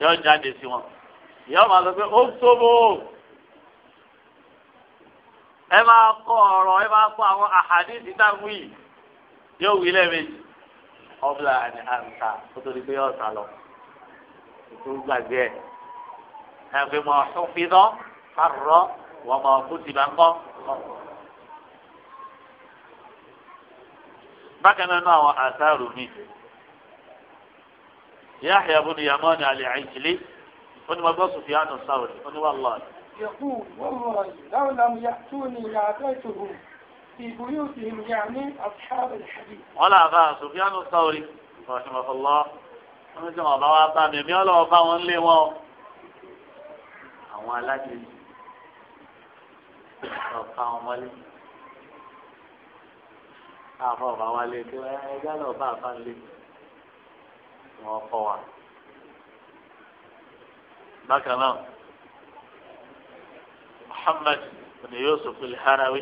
yóò jáde sí wọn yóò máa sọ pé ó sóbò ẹ máa kọ ọ̀rọ̀ ẹ máa kọ àwọn àhàdìsí náà wí yóò wí lẹ́ẹ̀mejì ọ̀bùlà àti àǹtà kó tó di pé yóò sá lọ ètò gbàgbé ẹ̀ ẹ̀ pé mo sọ fi dán fárọ̀ wọ́n mọ̀ kó ti bá ń kọ́. bákan náà náà àwọn àtàrò mi Yahya ibn Yaman al-Ijli ó ní mo gbọ́ Sufyan as-Sawri ó ní wallahi. يقول والله لو لم يأتوني لأتيتهم في بيوتهم يعني أصحاب الحديث. ولا أبا سفيان الثوري رحمه الله wọ́n ti wọ́n bá wá bá mi mi ọlọ́wọ́ bá wọn lé wọn àwọn alágbèéyìn àfọ ọba wa lé tó ẹgbẹ́ lọ bá àbá lé wọn kọ wa. bákan náà Muhammad bin Yusuf al-Harawi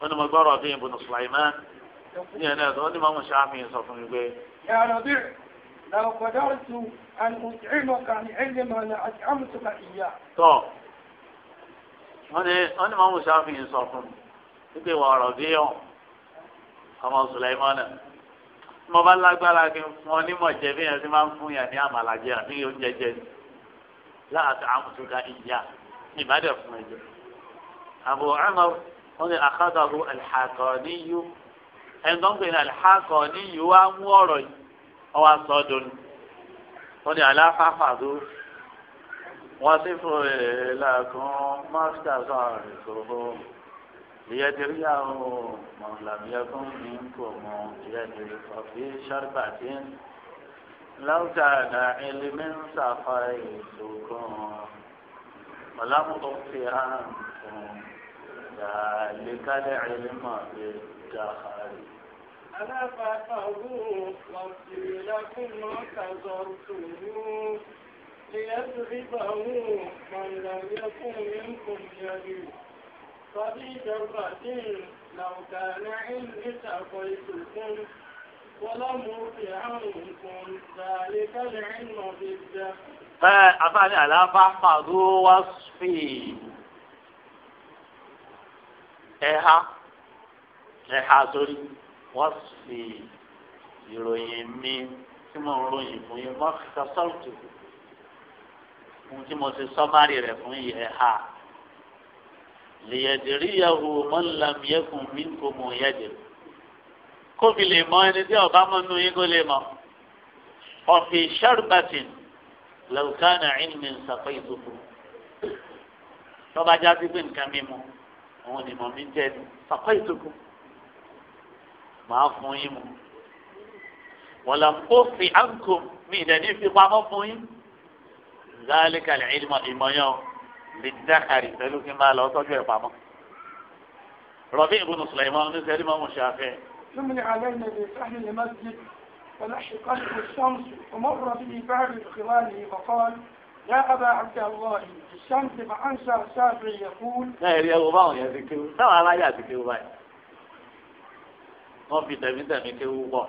wọn ni mo gbọ́ rọ̀bì ibn Sulaiman ní ẹ̀ náà wọ́n ni mo mú sàmì sọ fún mi pé. yàrá bí làwọn kọjá tu àni òṣèré kan ní ẹ̀yẹ mọ̀ ní àti àmùtúkà ìyá. tọ́ wọ́n ni wọ́n ni mo mú sàmì sọ fún mi wípé wọ́n rọ̀bì yọ̀ ọmọ sùlẹmọnà tí mo bá lágbára kí n fún ọ nímọ̀ jẹ bí yẹn ti máa ń fún yẹn ní àmàlàjẹ àbí oúnjẹ jẹ ni láàtọ àmùtúkà ìyá ìbádẹ fún ẹ jẹ Abu Umar wọn ni àkàtàkù alḥakọ̀ọ́níyù ẹni tó ń pè ní alḥakọ̀ọ́níyù wa mú ọ̀rọ̀ yìí ọwọ́ asọ́dún wọn ni aláfàfàdù wọn sì fún ẹ̀ lẹ́kùn mástà sọ̀rọ̀ ìṣòro. ليدري من لم يكن منكم يدرك في شربة لو كان علم سقيتكم ولم تغفي عنكم ذلك العلم بالدخل ألا فاتقوا واغفر لكم ما كسرتموه ليذهبه من لم يكن منكم يدرك فبي جرة لو كان علمي سقيتكم ولم عنكم ذلك العلم ضده فأفعل ألا فاحفظوا وصفي ẹ̀ha ẹ̀ha sórí wọ́n fi ìròyìn mi tí mo ròyìn fún yín wọ́n fi sọ́ọ̀tù ohun tí mo ti sọ́márì rẹ̀ fún yín ẹ̀ha lèyẹ̀dìríyàwó mọ́lámiyẹ́kùn mí kò mọ̀ yẹ́dìr kóbi lè mọ ẹni tí ọba mọ nínú yín kó lè mọ ọ̀fìn sharbatin lọ́kànnà ìnmi nsàkó ìdókò tọ́ba jáde pé nǹkan mímu òun ni mọ̀ mí jẹ́ ni sàkó ìdókò màá fún yín mu wọ́lá kó fi mi ìdẹ́ni fi pamọ́ fún yín zálíkàlẹ̀ ìmọ̀ ìmọ̀ yẹn lidakari pẹ̀lú kí n máa lọ tọ́jú ẹ̀ pamọ́. rọ̀bí ibùdó sùlẹ̀mọ́ ní sẹ́rí mọ́ mo ṣàfẹ́. alẹ́ ní الشمس ومر به بعض خلاله فقال يا أبا عبد الله الشمس فأنشأ شافعي يقول لا يا أبو باو يا ذكي سوى لا يا ذكي باي ما في تمي تمي كي وبا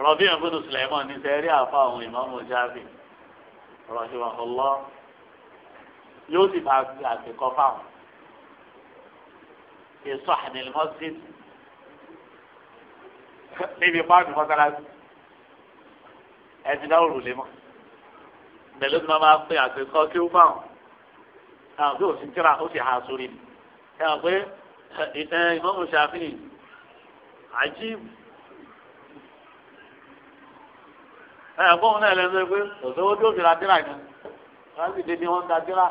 ربيع بن سليمان نسيري أفاهم إمام الشافعي رحمه الله yóò sì máa fi àfikọ́ fáwọn èso àdìlẹ́ mọ́sídìí níbi páàkì mọ́sálásí ẹ̀sìn náà òrùlé mọ́ pẹ̀lú tí wọ́n máa pè àfikọ́ kí ó fáwọn àwọn pé òsì tíra ó sì ha sórí mi ẹ hàn pé ìtàn ìmọ̀mù ṣàfihàn àjíìbù ẹ̀ bọ́ọ̀ náà lẹ́nu pé òṣèwọ́dún òfin àdírà yẹn wọ́n sì dé ní wọ́n ń da dírà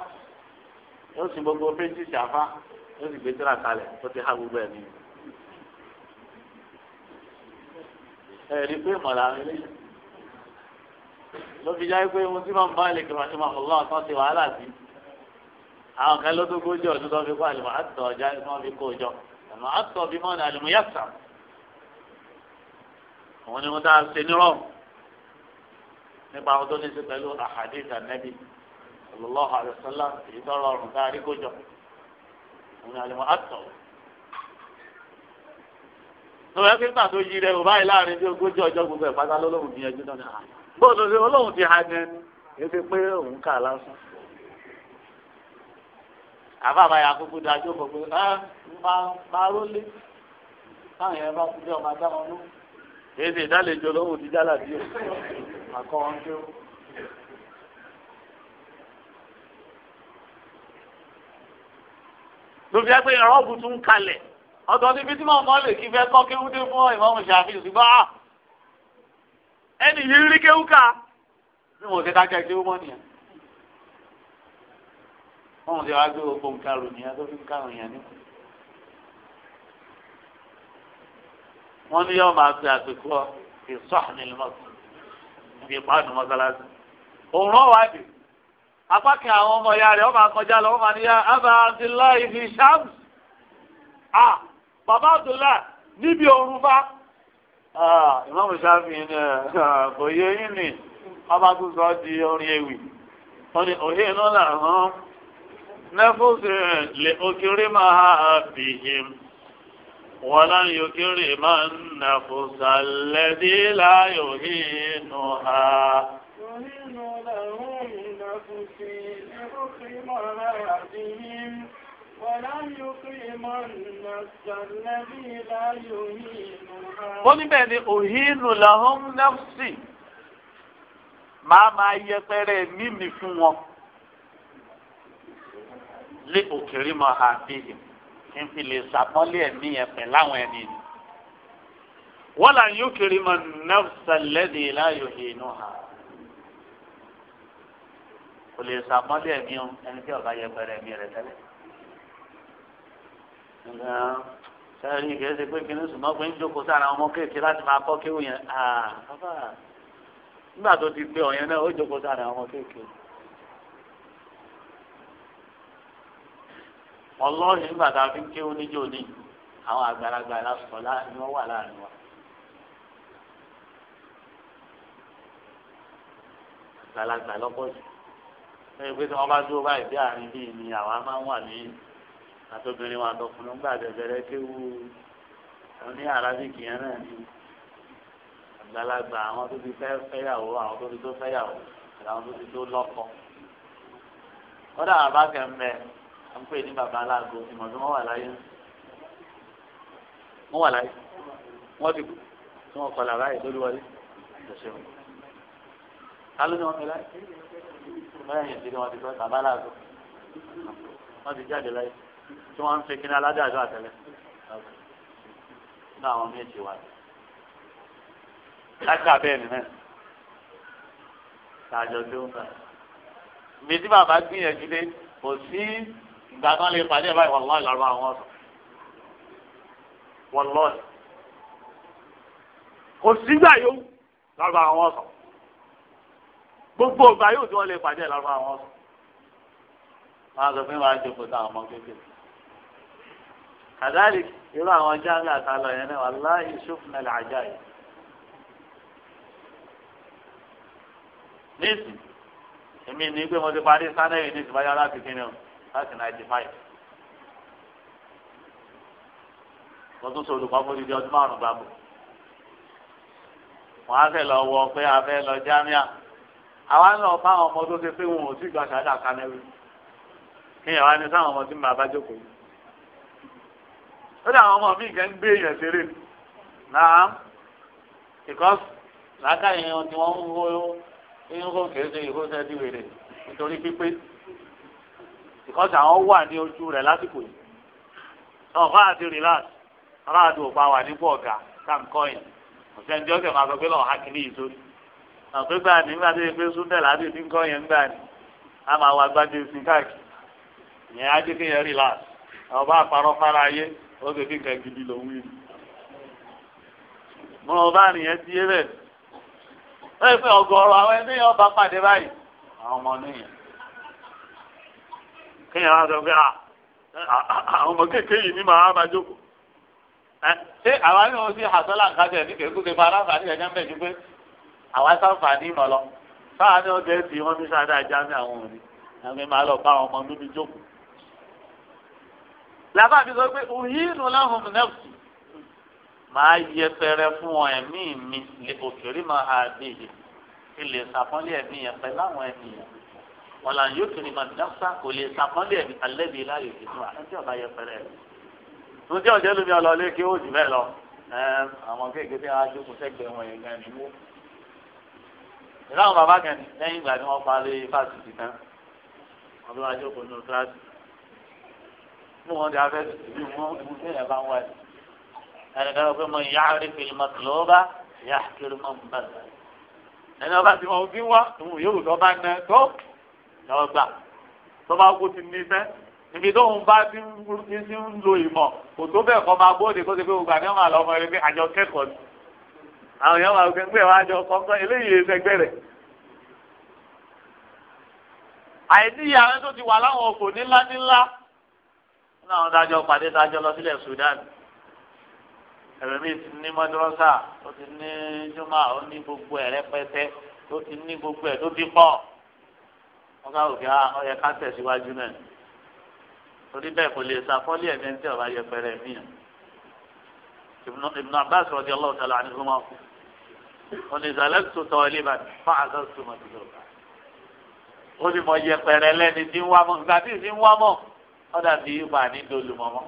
yóò sì gbogbo péjì ṣàfá yóò sì gbé tíra kalẹ̀ tó ti há gbogbo ẹ̀ nínú. ẹ̀rí pé mọ̀lá mi lé ló fi jáwé pé mo ti máa ń bá ilé kìlọ̀ ṣe máa fọ̀ lọ́wọ́ tó ti wàhálà sí. àwọn kan ló tó gójì ọdún tó fi kó àlùmọ́ àtọ̀ ọjà tí wọ́n fi kó jọ àmọ́ àtọ̀ bí mọ́ni àlùmọ́ yàtọ̀ òun ni mo dáa ṣe nírọ̀ nípa àwọn ní í pẹ̀lú àhàdí ìtàn sallallahu alaihi wasallam èyí tọrọ ọrùn tá a rí kójọ òun àlẹ wọn á tọ lọ́wọ́ ẹ pípa tó yí rẹ ò báyìí láàrin bí ogójì ọjọ́ gbogbo ẹ̀ pátá lọ́lọ́hùn gbìyànjú náà ni bóòlù ni olóhùn ti ha gan ni èyí ti pé òun kà lásán àbá àbáyà àkókò dájú gbogbo ẹ máa rólé táwọn yẹn bá kú bí ọmọ adáwọn ló. èyí ti ìdálejò lóhùn ti jálà bí o àkọ́ lóbi ẹgbẹ́ ìrọ́bù tún ń kalẹ̀ ọ̀dọ̀ níbi tí màmá lè kí fẹ́ kọ́ kéwú dé fún ìmọ̀ọ́mù ṣàfihàn ṣùgbọ́n ah, ẹnì yìí rí kéwú ká bí wọn ò ti dákẹ́ kéwú mọ́ nìyẹn wọn ti wá gbé gbogbo nǹkan rò nìyẹn tó fi ń kárùn yẹn ní. wọn ní yọọ máa fi àpèkọ ìsọ àmì lọmọsí ìgbìmọ̀ àdùnmọ́sálásí òun náà wá apá kan àwọn ọmọ ìyá rẹ̀ ọmọ akọjá lọ ọmọ níyà abba abdullahi fi shams ah baba abdullahi níbi òru bá ìmọ̀mù sáfì ní kò yé yín ni ọba gbúgbọ́ di orin ewì wọ́n ní òye iná làwọn nẹ́fọ́sì lè òkèrè máa bì í wọ́n láń yòókèrè máa ń nàfọ́sà lẹ́dí láyò hínú ha. تهن لهم نفسي لأقيم هذهم ولا يقيمن الذي لا يهينها ó ní أهين لهم نفسي máa máa yẹpẹrẹ mímì fún lé òkèrè mọ àbíyè kí n fi lè ṣàpọ́nlé ẹ̀mí yẹn pẹ̀ láwọn ẹni ni wọ́n là ń yókèrè mọ nafsa alladhi la yuhinuha kò lè sàmọ́lé ẹ̀mí o ẹni tí ọba yẹ pẹrẹ ẹ̀mí rẹ tẹ́lẹ̀. sẹ́yìn kìí ṣe pé kìnìún sùn mọ́gbìn jókòó sára ọmọ kéèké láti máa kọ́ kéwù yẹn nígbà tó ti gbé ọ̀yẹn náà ó jókòó sára ọmọ kéèké. ọlọ́ọ̀hìn nígbà tá a fi ń kéwù níjó ní àwọn àgbàlagbà lásìkò ni wọ́n wà láàrin wa. àgbàlagbà lọ́pọ̀ jù ẹ pé tí wọn bá dúró báyìí bí àárín bíi ni àwa máa ń wà ní àtòbìnrin wa àtọkùnrin gbà bẹbẹrẹ kéwu ní arábìkì yẹn náà ni àgbàlagbà àwọn tó ti fẹ́ fẹ́yàwó àwọn tó ti tó fẹ́yàwó àwọn tó ti tó lọ́kọ. kódà bàbá kẹ̀mbẹ́ ń pè ní bàbá aláàgọ́ ìmọ̀ tí wọ́n wà láyé wọ́n wà láyé wọ́n ti kú tí wọ́n kọlà báyìí lórí wọlé lọ́sẹ̀ wọn. ta ló ní wọn fi láyé mẹ́rin ìdílé wọn ti sọ bàbá làásù wọn ti jáde láyé tí wọn ń fi kíní aládé àjọ àtẹlẹ ní àwọn méjì wa láti abẹ́ ẹni náà tààjọ tó ń bá mi tí bàbá gbìyànjú dé kò sí ìgbà kan lè pàdé ẹ̀ báyìí wọ́n lọ́ọ̀ àwọn ọ̀sán wọ́n lọ́ọ̀ kò sígbà yóò lọ́ọ̀ àwọn ọ̀sán gbogbo ọgbà yóò tí wọn lè pàdé lọ́rùn àwọn sùn wọn sọ fún wa jòkó táwọn ọmọ kékeré kàdáàlì irú àwọn jáńgà tá a lọ yẹn náà wàláhì ṣùfúnà lè àjà yìí níìsì èmi ní pé mo ti parí sánẹ́yìn níìsì báyọ̀ láti kíni o láti náà ti fáyì mo tún sọ olùkọ́ fún ìdí ọdún márùn-ún gbàgbọ́ wọn á fẹ́ lọ wọ pé a fẹ́ lọ jámíà àwa náà bá àwọn ọmọ tó ṣe pé wọn ò sì gba ṣàdá kanẹ́wé kí ìyàwó ni sáwọn ọmọ tí ń bá jókòó yìí. ó dà àwọn ọmọ mi kẹ́ ń gbé èèyàn ṣeré ni náà because làákàyè wọn tí wọ́n ń wó inú kò kéré ṣe ìkóṣẹ́ ti wèrè nítorí pípé because àwọn wà ní ojú rẹ̀ lásìkò yìí ọ̀fà àti relax aráàdùn òpá wà nípò ọ̀gá sam coin ọ̀sẹ̀ ní ọ̀sẹ̀ máa sọ pé lọ́wọ́ hákìlì yìí sórí àpégbà nígbà tó yẹ pé súndẹ̀ láti fi ń kọ́ yẹn gbà ní a máa wá gbájú sí káàkiri ìyẹn á jẹ́ kí yẹn relax ọba àparọ́ fara ayé ó ti fi nǹkan gidi lòún yìí. mo ọba nìyẹn ti yé bẹ́ẹ̀ ó yẹ pé ọ̀gọ̀ọ̀rọ̀ àwọn ẹni yẹn ọba pàdé báyìí àwọn ọmọ nìyẹn. kéèyàn á sọ pé àwọn ọmọ kékeré yìí ni màá máa jókòó. ṣé àwa ni wọn ti hàtọ́lá nǹkan tẹ̀ ní kékeré àwa sáǹfààní ìmọ̀ lọ sáà ní ọjọ́ ẹ̀sìn wọn ní sáadà jáde àwọn òní àwọn ẹ̀ máa lọ bá àwọn ọmọ níbi jókòó. làbá mi sọ pé òyìnbó láwọn ọmọ náà sì máa yẹpẹrẹ fún wọn ẹ̀mí mi òkèrè máa ha àbẹ̀yẹ ilé ìsàpọ́nlé ẹ̀mí yẹn pẹ̀lú àwọn ẹ̀mí yẹn wọn là ń yóò kiri máa dáfà kò lè ìsàpọ́nlé ẹ̀mí alẹ́bí láyò ìdìbò àtúntì ọ̀bá yẹpẹrẹ rẹ̀. tuntun ọ̀jẹ́ tí wọ́n á jókòó ìlànà bàbá kan lẹ́yìn ìgbà tí wọ́n parí fásitì tán wọ́n bí wọ́n nínú kíláàsì mú wọn di afẹ́ bí wọ́n mú sẹ́yìn bá ń wá yìí ẹnì kan pé mo yà á rí fi mọ tìlọ́ba yà á kiri mọ́ mi bàtà ẹnì ọba tí wọn bí wá òun yóò lọ bá ná tó lọ́wọ́ gbà tó bá kó ti ní fẹ́ ibi tó ń bá ti ń lo ìmọ̀ kò tó bẹ́ẹ̀ kọ́ máa bóde kó ti pé gbogbo àdéhùn àlọ́ ọmọ rẹ àwọn èèyàn wà gbẹgbẹ wa jọ kọkọ eléyìí ẹsẹgbẹ rẹ àìníyà rẹ tó ti wà láwọn ọkọ nílá nílá wọn náà dájọ pàdé dájọ lọ sílẹ̀ Sudan ẹlòmíì ti ní mọdúrọsà ó ti ní jùmọ ó ní gbogbo ẹ rẹpẹtẹ ó ti ní gbogbo ẹ tó ti pọ̀ wọn ká òkè ọyẹ ah, ká tẹsíwájú náà torí bẹ́ẹ̀ kò lè sa fọlí ẹgbẹ ní tí ọba yẹpẹrẹ mìíràn ibn abbas radiyallahu ta'ala anhuma ó ní zalẹ́tù tọ́lé bá fáàzà súnmọ́ tìjọ́ ó ní mọ̀ yẹpẹrẹ lẹ́ni tí ń wá mọ́ ìgbà tí ì ń wá mọ́ ó dàbí ibà ní dolùmọ́mọ́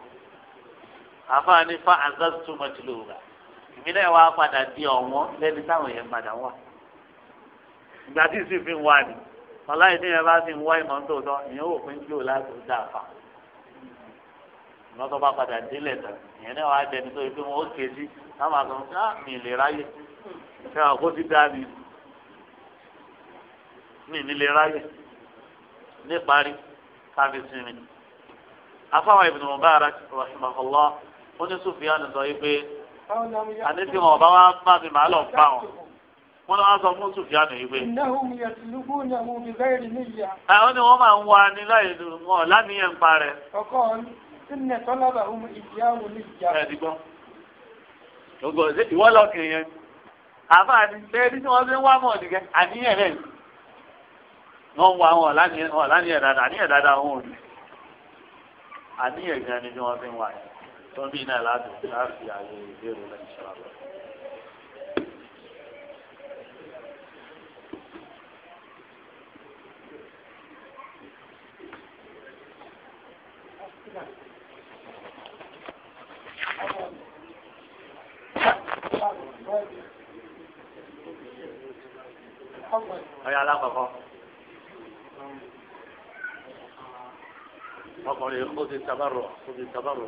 àfáàní fáàzà súnmọ́ tìjọ́ rà ìmílẹ̀ wa padà di ọ̀wọ́n lẹ́ni táwọn yẹn padà wà ìgbà tí ì sì fi wà ní ọláyé tí yẹn bá sì ń wá ìmọ̀ tó tọ́ ìyẹn ò pín kí ò láti dà fà ìmọ̀ tó bá padà délẹ̀ tàbí ìyẹn náà wàá jẹ nítorí pé wọn ó ké sí táwọn àgbọn ká ah, mi lè ráyè ṣé àwọn kó ti dá mi mi ní lè ráyè níparí káfí sinmi. afáwọn Ibn Mubarak rahimahullah ó ní Sufyan sọ yìí pé àní tí wọn bá wá bá mi màá lọ bá wọn wọn lọ sọ fún Sufyan yìí pé. ẹ ah, ó ní wọn máa ń wá ní láì wọn láníyàn ń parẹ. ọkọ mi sínú tọ́lábà ohun ìyáwó ní ìyá. ẹ dìgbọ́ gbogbo ṣe ìwọ lọkàn yẹn àbá ni lẹ́ẹ̀dí tí wọ́n fi ń wá mọ̀ nìkẹ́ àníyàn rẹ̀ wọ́n wá wọn ọ̀làníyàn dáadáa àníyàn dáadáa wọn ò ní àníyàn gan ni tí wọ́n fi ń wá yẹn tó ń bí náà láti láti àyè ìbéèrè lẹ́yìn ìṣọ́ra lọ. ọyọ alákọ̀ọ́kọ́ ọkùnrin ó ti sábàrò ó ti sábàrò.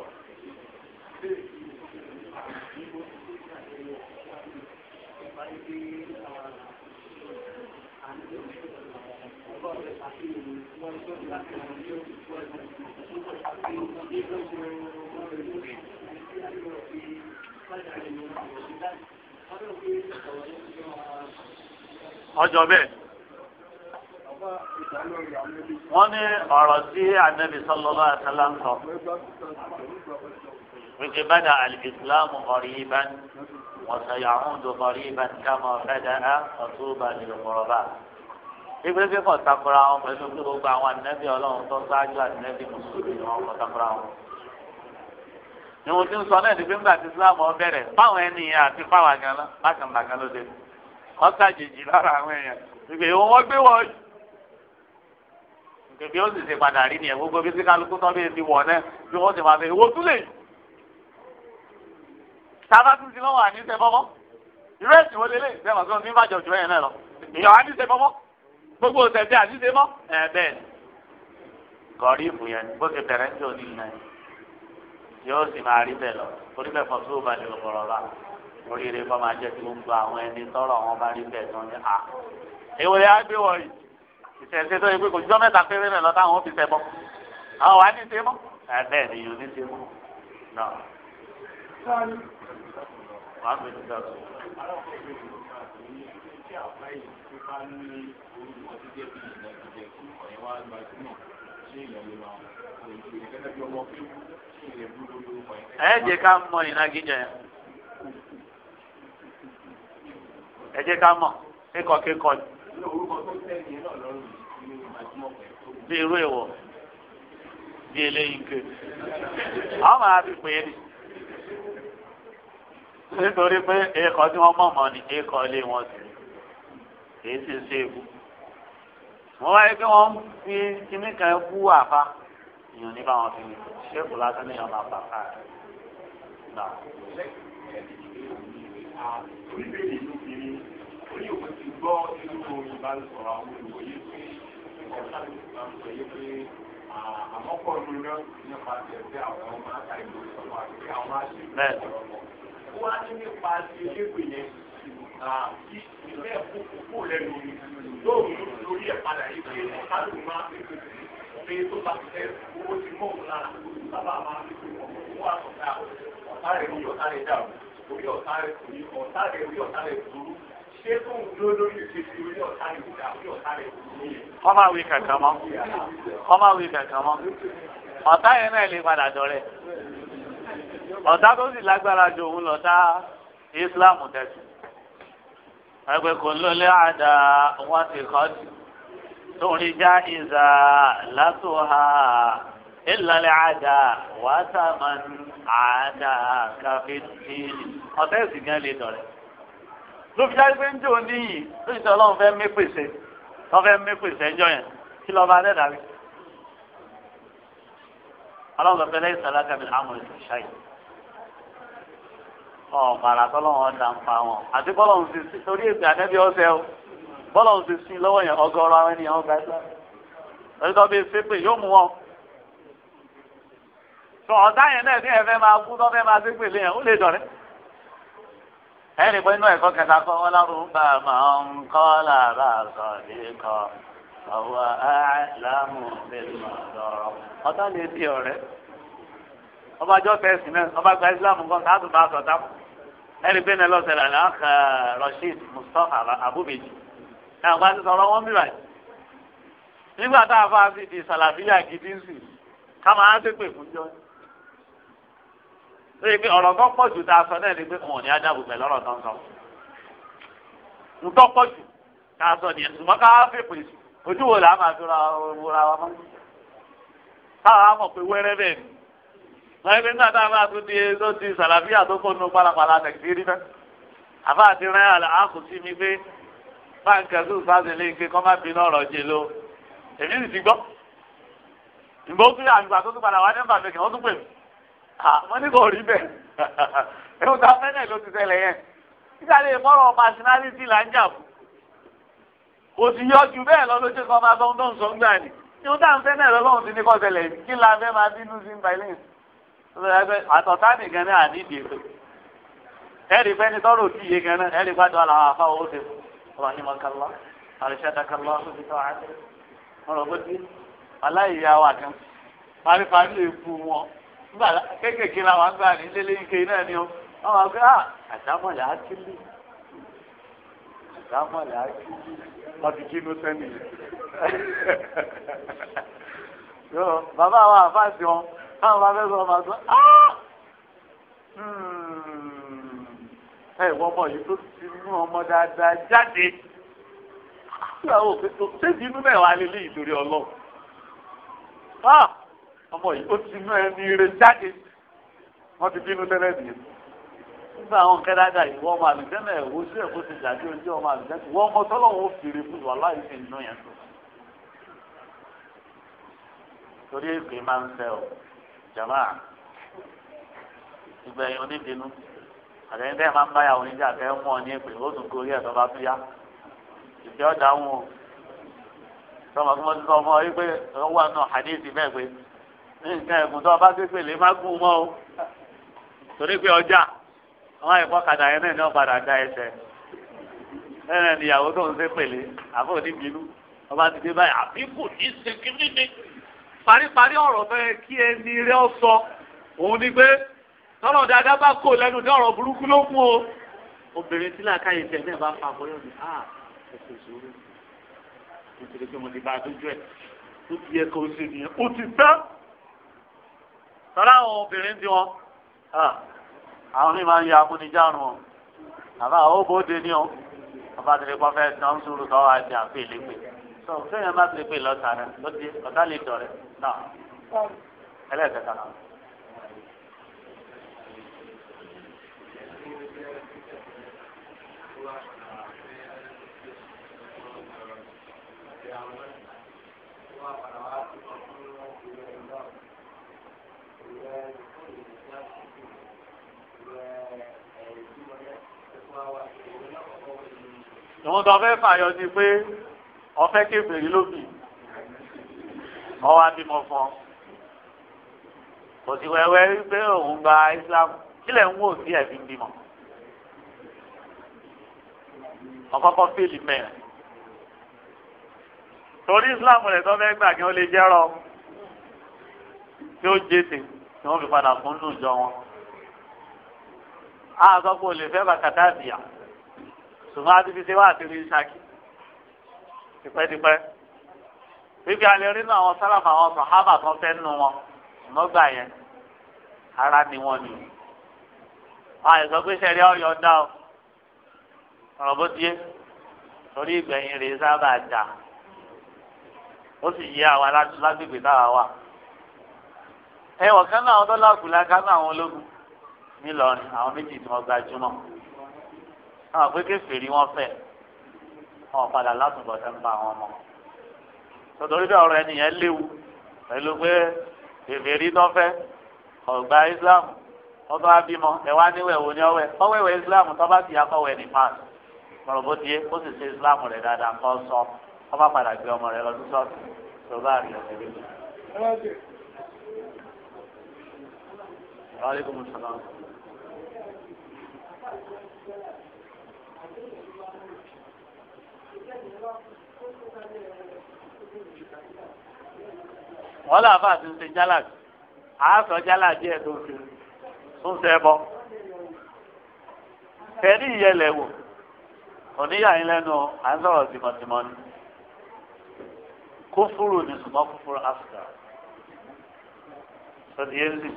Thank you ọjọ́ bẹ́ẹ̀. wọ́n ní ọ̀rọ̀ sí anabi sọlọ́lá àtàlà ń sọ. wíkì bàdà alìsílámù qariban wọ́n sayaudu qariban kama bàdà á ọ̀túbà lil qurba. ìgbé bí kò takura wọn pẹ̀lú gbogbo àwọn anabi ọlọ́run tó ṣáájú anabi mùsùlùmí wọn kò takura wọn ni mo ti ń sọ náà ní pé ńgbà tí islam ọ bẹ̀rẹ̀ fáwọn ẹni àti fáwọn àgànlá bákan wọ́n ṣàjèjì lára àwọn èèyàn ìgbè wọ́n gbé wọ́n ìgbè ó sì ṣe padà rí nìyẹn gbogbo bí síkálukú tán bí ti wọ̀ náà bí wọ́n ti máa fẹ́ ìwọ tún lè yìí sábà tún ti lọ́wọ́ àníṣe bọ́bọ́ ìrẹsì wo lélẹ̀ bẹ́ẹ̀ mọ̀ sí wọn ní bàjẹ́ òjò náà lọ ìyàwó àníṣe bọ́bọ́ gbogbo ọ̀sẹ̀ tí àníṣe mọ́ ẹ̀ bẹ́ẹ̀ ni ìbù yẹn bó ti bẹ̀rẹ̀ ń jò ní ìlànà yóò sì máa rí bẹ́ẹ̀ lọ torí bẹ́ẹ̀ fọ́ sóòbà ni ò oríire bá máa jẹ́ kí ó gba àwọn ẹni tọ́rọ̀ wọn bá rí bẹ́ẹ̀ tán ní à. èwo ya gbé wọ yìí ìṣẹ̀ṣe tó yẹ pé kò jọ́ mẹ́ta péré náà lọ táwọn fi ṣẹbọ àwọn wà ní ṣe mọ́ ẹ bẹ́ẹ̀ ni yóò ní ṣe mọ́ náà. ẹ jẹ́ ká mọ ìnagijẹ ẹ jẹ́ ká mọ̀ kíkọ́ kíkọ́ ni. bí irú èèwọ̀ bí eléyìí ké àwọn máa fi pè é ni nítorí pé èèkọ́ tí wọ́n mọ̀mọ́ ni èèkọ́ ilé wọn sì kì í sì ṣe èkú. wọ́n wáyé pé wọ́n fi kíní kan bú àfa èèyàn ní báwọn fi ṣéèkù lásán ní ọmọ àpàkà rẹ̀ náà gbọ́ irú ìbánisọ̀rọ̀ àwọn olùwòye pé ọ̀sán ìbánisọ̀rọ̀ yẹ pé àmọ́ pọ̀ ní iná nípa ẹ̀fẹ́ àwọn ọmọ àtà ìlú ìsọ̀rọ̀ àti àwọn àṣìṣe ọ̀rọ̀ mọ́. wọ́n á ní nípa ti elégbè yẹn kí ìfẹ́ kókó lẹ́nu mi lóòrùn lórí ẹ̀ padà yìí pé ọ̀sá máa ń pè é tó bá fẹ́ owó ti mọ̀ ọ́n lára sábà máa ń pè é owó àtọ̀tà ọ̀tá rẹ̀ ní ọ̀tá rẹ̀ dà orí ọ̀tá rẹ̀ orí ọ̀tá rẹ̀ burú ọmọ awi kankan mọ ọmọ awi kankan mọ ọ̀tá yẹn náà lè padà dọ̀rẹ́ ọ̀tá tó sì lágbára ju òun lọ́tá Islam tẹ̀sí ẹgbẹ́ kò ló lé àdá wọn ti kọ́ sí torí já ìzà látòhà ìlàlẹ̀ àdá wàá sàmán àdá káfíńtì ọ̀tá ẹ̀sìn gan lè dọ̀rẹ́ ló fi dájú pé ń jò níyì ló ti sọ ọlọ́run fẹ́ mí pèsè wọ́n fẹ́ mí pèsè ẹjọ́ yẹn kí lọ́ọ́ bá dẹ́dà ọlọ́run lọ fẹ́ lẹ́yìn sàlágà mi àmọ̀ ìṣàyè ọ̀bàrà tọ́lọ́wọ́n dà ń pa wọn àti bọ́lọ̀hún ti sí torí èsì àtẹ́bí ọ̀sẹ̀ o bọ́lọ̀hún ti sí lọ́wọ́ yẹn ọgọ́rọ̀ àwọn ènìyàn ọgbà ẹ̀sẹ̀ lórí tó sépè yóò mú wọn. sọ ọ̀tá yẹn náà ẹ̀rí pé inú ẹ̀kọ́ kẹta kọ́ wọn lárúbọ bá a máa ń kọ́ làbá àkọ́ ìkọ́ ọ̀wọ́ àlámù bẹ́ẹ̀ lọ́rọ̀ ọ̀tá lè di ọ̀rẹ́ ọba jọ tẹ̀sí náà ọba gba ìsìlámù kan sáà tún bá a sọ̀tà ẹ̀rí pé nílọ sẹ̀lẹ̀ ní àkà Rashid Mustapha Abubeji náà wọ́n ti sọ̀rọ̀ wọn bíbáyìí nígbà tá a fà á sì sàlàfíà gidi ń ṣépè lórí pé ọ̀rọ̀ tó pọ̀ jù tá a sọ náà ni pé wọn ò ní adágún pẹ̀lú ọ̀rọ̀ tó sọ. ntọ́ pọ̀ jù tá a sọ nìyẹn ṣùgbọ́n ká fi pè ojú wo làá máa dúra wúra wa mọ́. táwọn á mọ̀ pé wẹ́rẹ́ bẹ́ẹ̀ ni. wọ́n yẹ pé nígbà tá a tún di tó ti sàlàfíà tó kó pálapàla nàìjírí fẹ́. àfa àti rẹ́ àkùsí mi pé báńkì ẹ̀sùn sáàsì lè ké kọ́ má bínú jẹ ló. èmi sì ti gbọ́. ìgbà àmọ́ ní kò rí bẹ́ẹ̀ ẹ̀rù ta fẹ́lẹ̀ ló ti ṣẹlẹ̀ yẹn nígbà lè mọ́rọ̀ personality là ń jà fún kò sì yọ jù bẹ́ẹ̀ lọ lójú kan máa bọ́n tó ń sọ ń gbà ní ìhun tá à ń fẹ́lẹ̀ lọ́lọ́run ti ní kọ́ ṣẹlẹ̀ kí la fẹ́ máa bínú sí ń balẹ̀ àtọ̀tá nìkan náà nídìí ètò ẹ̀rì pẹ́ni tọ́rọ̀ tí iye kan náà ẹ̀rì gbádùn àlàáfà àfáwọ́ ó ṣe rahimakala àrìṣàdàkàlà nígbà kéékèèké làwọn àgbà ní lélẹ́ ike náà ni ó wọ́n máa gbé ah, àdámọ̀lẹ̀ ákílì àdámọ̀lẹ̀ ákílì wọ́n ti kínú sẹ́ni yóò bàbá àwọn àfáàsì wọn káwọn máa fẹ́ sọ máa sọ ah, hmm, ẹ wọ́n mọ̀ yìí tó ti mú ọmọ dáadáa jáde ṣé ìdí inú mẹ́wàá lélẹ́yìí torí ọlọ́run. Ah, ọmọ yìí ó ti mú ẹni rẹ jáde wọ́n ti bínú tẹ́lẹ̀ nìyẹn nígbà àwọn kẹ́dáàdà yìí wọ́n máa lùdẹ́ náà ẹ̀wọ́ sí ẹ̀kọ́ ti dàbí ojú ọmọ àlùdẹ́ tí wọ́n mọ tọ́lọ́wọ́ fèrè fún wàhálà yìí ti nù yẹn tó. torí èpè máa ń fẹ́ ọ jàmá ìgbà ẹ̀yìn onídìínú àtẹ̀yìn tẹ́ ẹ̀ máa ń báyà oníjà tẹ́ ẹ̀ mọ̀ ní èpè ó tún gorí ẹ̀tọ́ bá tún yá ìfẹ́ ọ̀dà wọn sọmọ kí wọ́n ti sọ ọmọ yìí pé wọ́n wà nù hadith bẹ́ẹ̀ pé nǹkan ẹ̀bùn tó ọba gbèsè lè má gùn mọ́ o torí pé ọjà àwọn ẹ̀kọ́ kàdà yẹn náà ní ọ̀padà da ẹsẹ̀ ẹ̀rẹ̀ níyàwó tó ń ṣe pèlè àbọ̀ oníbìínú ọba ti dé báyìí àbí kò ní í ṣe kí nídìí paríparí ọ̀rọ̀ bẹ́ẹ̀ kí ẹni rẹ̀ ọ sọ òun ni pé tọ́lọ̀ dáadáa bá kò lẹ́nu ní ọ̀rọ̀ burúkú ló mú o obìnrin tí làákàyè tẹ̀ náà bá fa àbọ̀yọ̀ ní à ẹ̀sẹ̀ ìṣòro nítorí pé mo ti bá a dójú ẹ̀ ó ti yẹ kó o ṣe nìyẹn ó ti tán tọ́lá àwọn obìnrin tí wọ́n àwọn mi máa ń ya akúnijáàrún wọn àbá àwọn bóde ní ọ ọba tẹ̀lé kọ́ fẹ́ tán sùúrù tọ́ wa ti àpè lépè tó sẹ́yìn má ti pè lọ́ta rẹ lọ́tí ọ̀tá lè dọ̀ rẹ náà ẹlẹ́ẹ̀kẹta náà. Thank ìwọ̀n tó fẹ́ fàyọ ni pé ọfẹ́ kébèrè lóbì ọwọ́ abimọ fún ọ kò sí wẹ́wẹ́ wípé òun gba Islam kílẹ̀ ń wò sí ẹ̀fí ń bímọ ọkọ̀kọ́ fèlì mẹ́rin torí Islam rẹ̀ tó fẹ́ gbà kí wọ́n lè jẹ́rọ tí ó jètè tí wọ́n fi padà fún nùjọ wọn. a sọ pé olè fẹ́ bàtà dábìyà ṣùgbọ́n a ti fi ṣe wá àti rí ṣáàkì tipẹ́tipẹ́ bíbí alẹ́ rí àwọn sálàfà àwọn sàhábà tó fẹ́ nù wọn mọ́gbà yẹn ara ni wọ́n ni àìsàn pé sẹ́rí ọ̀yọ́ dá o ọ̀rọ̀ bó ti yé torí ìgbẹ̀yìn rèé sábà dà ó sì yé àwa lágbègbè táwa wà ẹ̀wọ̀n kan àwọn tó lágùn lákàtà àwọn ológun ńìlọrin àwọn méjì tí wọ́n gbajúmọ̀ àwọn pé kéfèèrè wọn fẹ́ wọn padà látùbọ̀ tẹ́ ń bá wọn mọ́ tòtòrí bí ọ̀rọ̀ ẹnìyẹn léwu pẹ̀lú pé kéfèèrè tó fẹ́ ọ̀gbà Islam ọba abimọ ẹwà níwẹ̀ wò ní ọwẹ́ ọwẹ́wẹ́ Islam tó bá ti akọ̀wẹ́ ní pass mọ̀rọ̀ bó tiẹ̀ ó sì ṣe Islam rẹ̀ dáadáa kọ́ sọ ọba padà gbé ọmọ rẹ̀ lọ sí tó bá rí ọ̀sẹ̀ lé وعليكم السلام wọ́n là fà ti ń ṣe jálàbí àásọ jálàbí ẹ̀ tó ṣe ń ṣe bọ́. kẹ́rí ìyẹlẹ̀ wò oníyà yín lẹ́nu à ń sọ̀rọ̀ tìmọ̀tìmọ̀ ni kófúrò ní ṣùgbọ́n kófúrò áfíríkà sọdí yéésì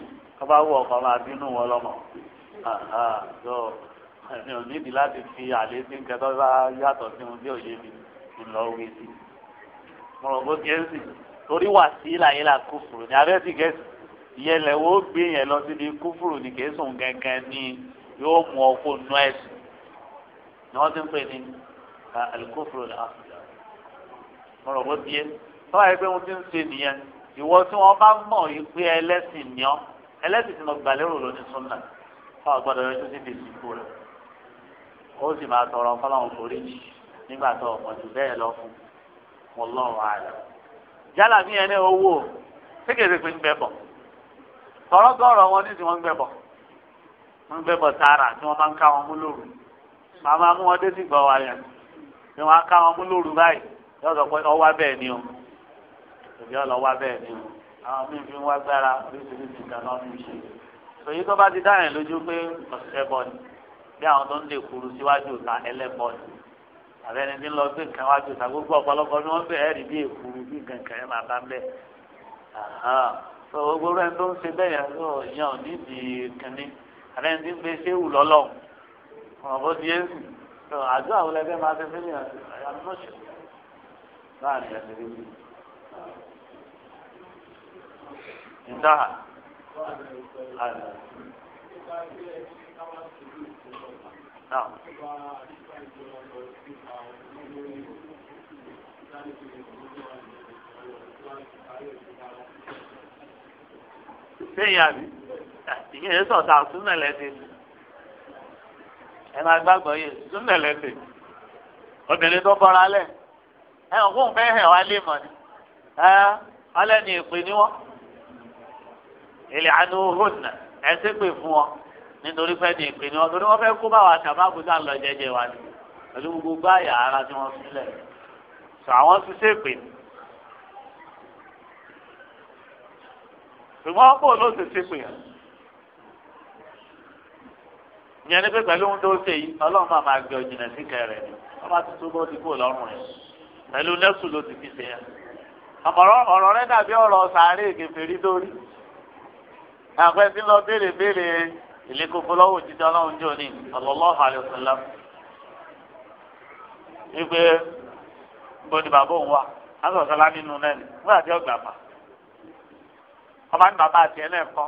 ọba wọ ọkọ máa bínú wọn lọmọ yọ mi ò nídìí láti fi àlésí nǹkan tó bá yàtọ̀ sí ohun tí ò yé mi ńlọ wí sí mo rò bó yéésì torí wàsílà yẹn la kúfùrù ní abẹ́ ti gẹ̀ẹ́sì yẹn lẹ̀ wọ́n gbé yẹn lọ síbi kúfùrù ní kẹsùn gẹ́gẹ́ ní yóò mú ọkọ nù ẹ̀sìn ni wọ́n ti ń pè ní alikúfùrù ní afirika mo rò bó tiẹ̀ tọ́wọ́ yẹn pé wọ́n ti ń ṣe nìyẹn ìwọ tí wọ́n bá mọ̀ yìí ẹlẹ́sìn ni ọ́ ẹlẹ́sìn tí mo gbà lérò súnà fáwọn gbọ́dọ̀ yẹn tó ti di ìsìnkú rẹ̀ ó sì máa tọrọ fọlọ́run forí nígbà tó ọ̀pọ̀ jù bẹ́ẹ̀ lọ fún wọn lọ́rùn àlọ́ yálà mí ẹni owó sékèrè pé ń gbẹ bọ̀ tọ́rọ́gọ́rọ̀ wọn ní tí wọ́n ń gbẹ bọ̀ wọ́n ń gbẹ bọ̀ tààrà tí wọ́n máa ń ká wọn mú lóru màmá mú wọn dé sí gbọ́ wa yẹn tí wọ́n á ká wọn mú lóru báyìí yóò sọ pé ọwá bẹ́ẹ̀ ni o òbí ọ̀lọ́ wá bẹ́ẹ̀ ni o àwọn míì fi ń wá gbára oríṣiríṣi ìdáná mi ṣe èyí tó bá ti dáhìn lójú pé ọ̀sẹ̀ bọ̀ ni bí àwọn tó ń lè kuru síwájú ta ẹlẹ́bọ̀ ni àbẹ́ni tí ń lọ sí nǹkan wájú ìta gbogbo ọ̀pọ̀lọpọ̀ ni wọ́n bẹ̀rẹ̀ rí bí èkúrú bí kankan ẹ̀ máa bá ń bẹ̀. gbogbo rẹ̀ tó ń ṣe bẹ́ẹ̀ yẹn ló yàn ọ́ nídìí kínní àbẹ́ni tí ń gbé séwù lọ́lọ́ ọ̀rọ̀ bó ti yé sí àjọ àwọn ẹlẹgbẹ́ máa fẹ́ fẹ́lẹ̀ àyàmúṣe láàrin ẹ̀sìn rí bí. ìdáhà sẹ́yìn obìnrin tó bọ́ra lẹ̀ ẹ òkú fẹ́ hẹ̀ wá lè mọ̀ ni ẹ alẹ́ ni wọ́n èlé àánú hónà ẹ ṣépè fún wọn nítorí fẹ́ ní ìpinnu ọdún ni wọ́n fẹ́ kó báwa ṣàbáàbù náà lọ jẹjẹ wa ni pẹ̀lú gbogbo àyà ara tí wọ́n sílẹ̀ sọ àwọn ti ṣèpè ní. ṣùgbọ́n bò ló ti ṣèpè yẹn ìyẹn ni pé pẹ̀lú ohun tó ṣe yìí ọlọ́run máa máa gbé ọ̀jìnà sí kẹrẹ̀ wọ́n bá ti túbọ̀ ti kó lọ́rùn rẹ̀ pẹ̀lú nẹ́sù ló ti fi ṣe yẹn. ọ̀rọ̀ rẹ dàbí ọ̀rọ̀ sàárè kèfèrí lórí àpẹẹsí ilé kókó lọ́wọ́ òjijì ọlọ́run jò ní sallallahu alaihi wasallam wípé bóni bàbá òun wà lásọ̀sọ́lá nínú náà ni wọ́n àti ọgbà pa ọba ní bàbá àti ẹlẹ́ kọ́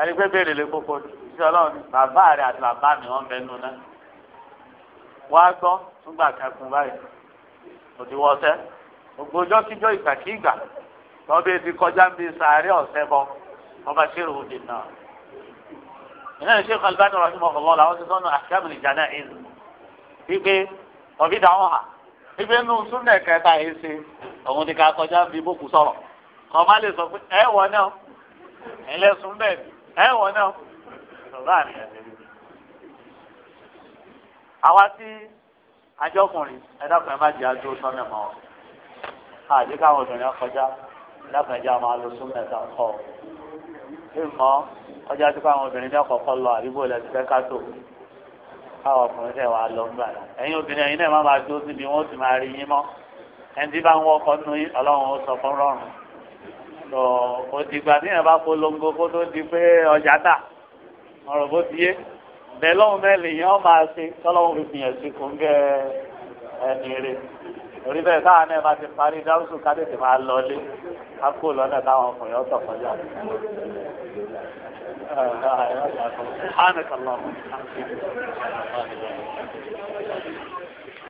ẹni pé béèrè lé kókó òjijì ọlọ́run ni bàbá rẹ àti bàbá mi wọ́n bẹ nínú náà wọ́n á gbọ́ nígbà kẹkùn báyìí òdi wọ́sẹ́ gbogbo kíjọ́ ìgbà kí ìgbà lọ́ọ́ ti kọjá bí sàárẹ̀ ọ̀sẹ̀ bọ́ ọba ṣèrò òdì náà. ìnáyà ṣe kọlbánì rọ̀ṣin mọ̀kànlọ́ làwọn ti sọ́nù àṣàmì ìjànà ìlú wípé ọ̀bí dáhùn hà wípé nù súnlẹ̀ kẹta yìí ṣe òun ni ká kọjá bí bókù sọ̀rọ̀ kọ́ má lè sọ pé ẹ wọ náà ẹlẹ́sùn bẹ́ẹ̀ ẹ wọ náà sọ̀rọ̀ àmì ẹ̀ àwa tí ajọkùnrin ẹdáàkùn ẹ má jẹ adó sọnà mọ ọ ìmọ̀ ọjà tó fáwọn obìnrin ní ọ̀kọ̀ọ̀kọ̀ lọ àdúgbò ilẹ̀ ti fẹ́ ká tó káwọn ọkùnrin tẹ̀ wá lọ ńgbà náà ẹ̀yin obìnrin ẹ̀yin náà má máa dúró síbi wọ́n ti máa rí yín mọ́ ẹni tí bá ń wọ́kọ́ nú ọlọ́run ó sọ fún rọrùn tó o ti gbà tí yẹn bá polongo kó tó di pé ọjà tà ọ̀rọ̀ bó ti yé bẹ́ẹ̀ lọ́hùn mẹ́lì yẹn ó máa ṣe tọ́lọ́hùn fi fìyàn sí kò ń gẹ́ ẹni torí bẹ́ẹ̀ káà náà máa ti parí dáhùsù ká tètè máa lọlé ká kó lọ́nà táwọn ọkùnrin ọ̀tọ̀ kọjá. سبحانك اللهم وبحمدك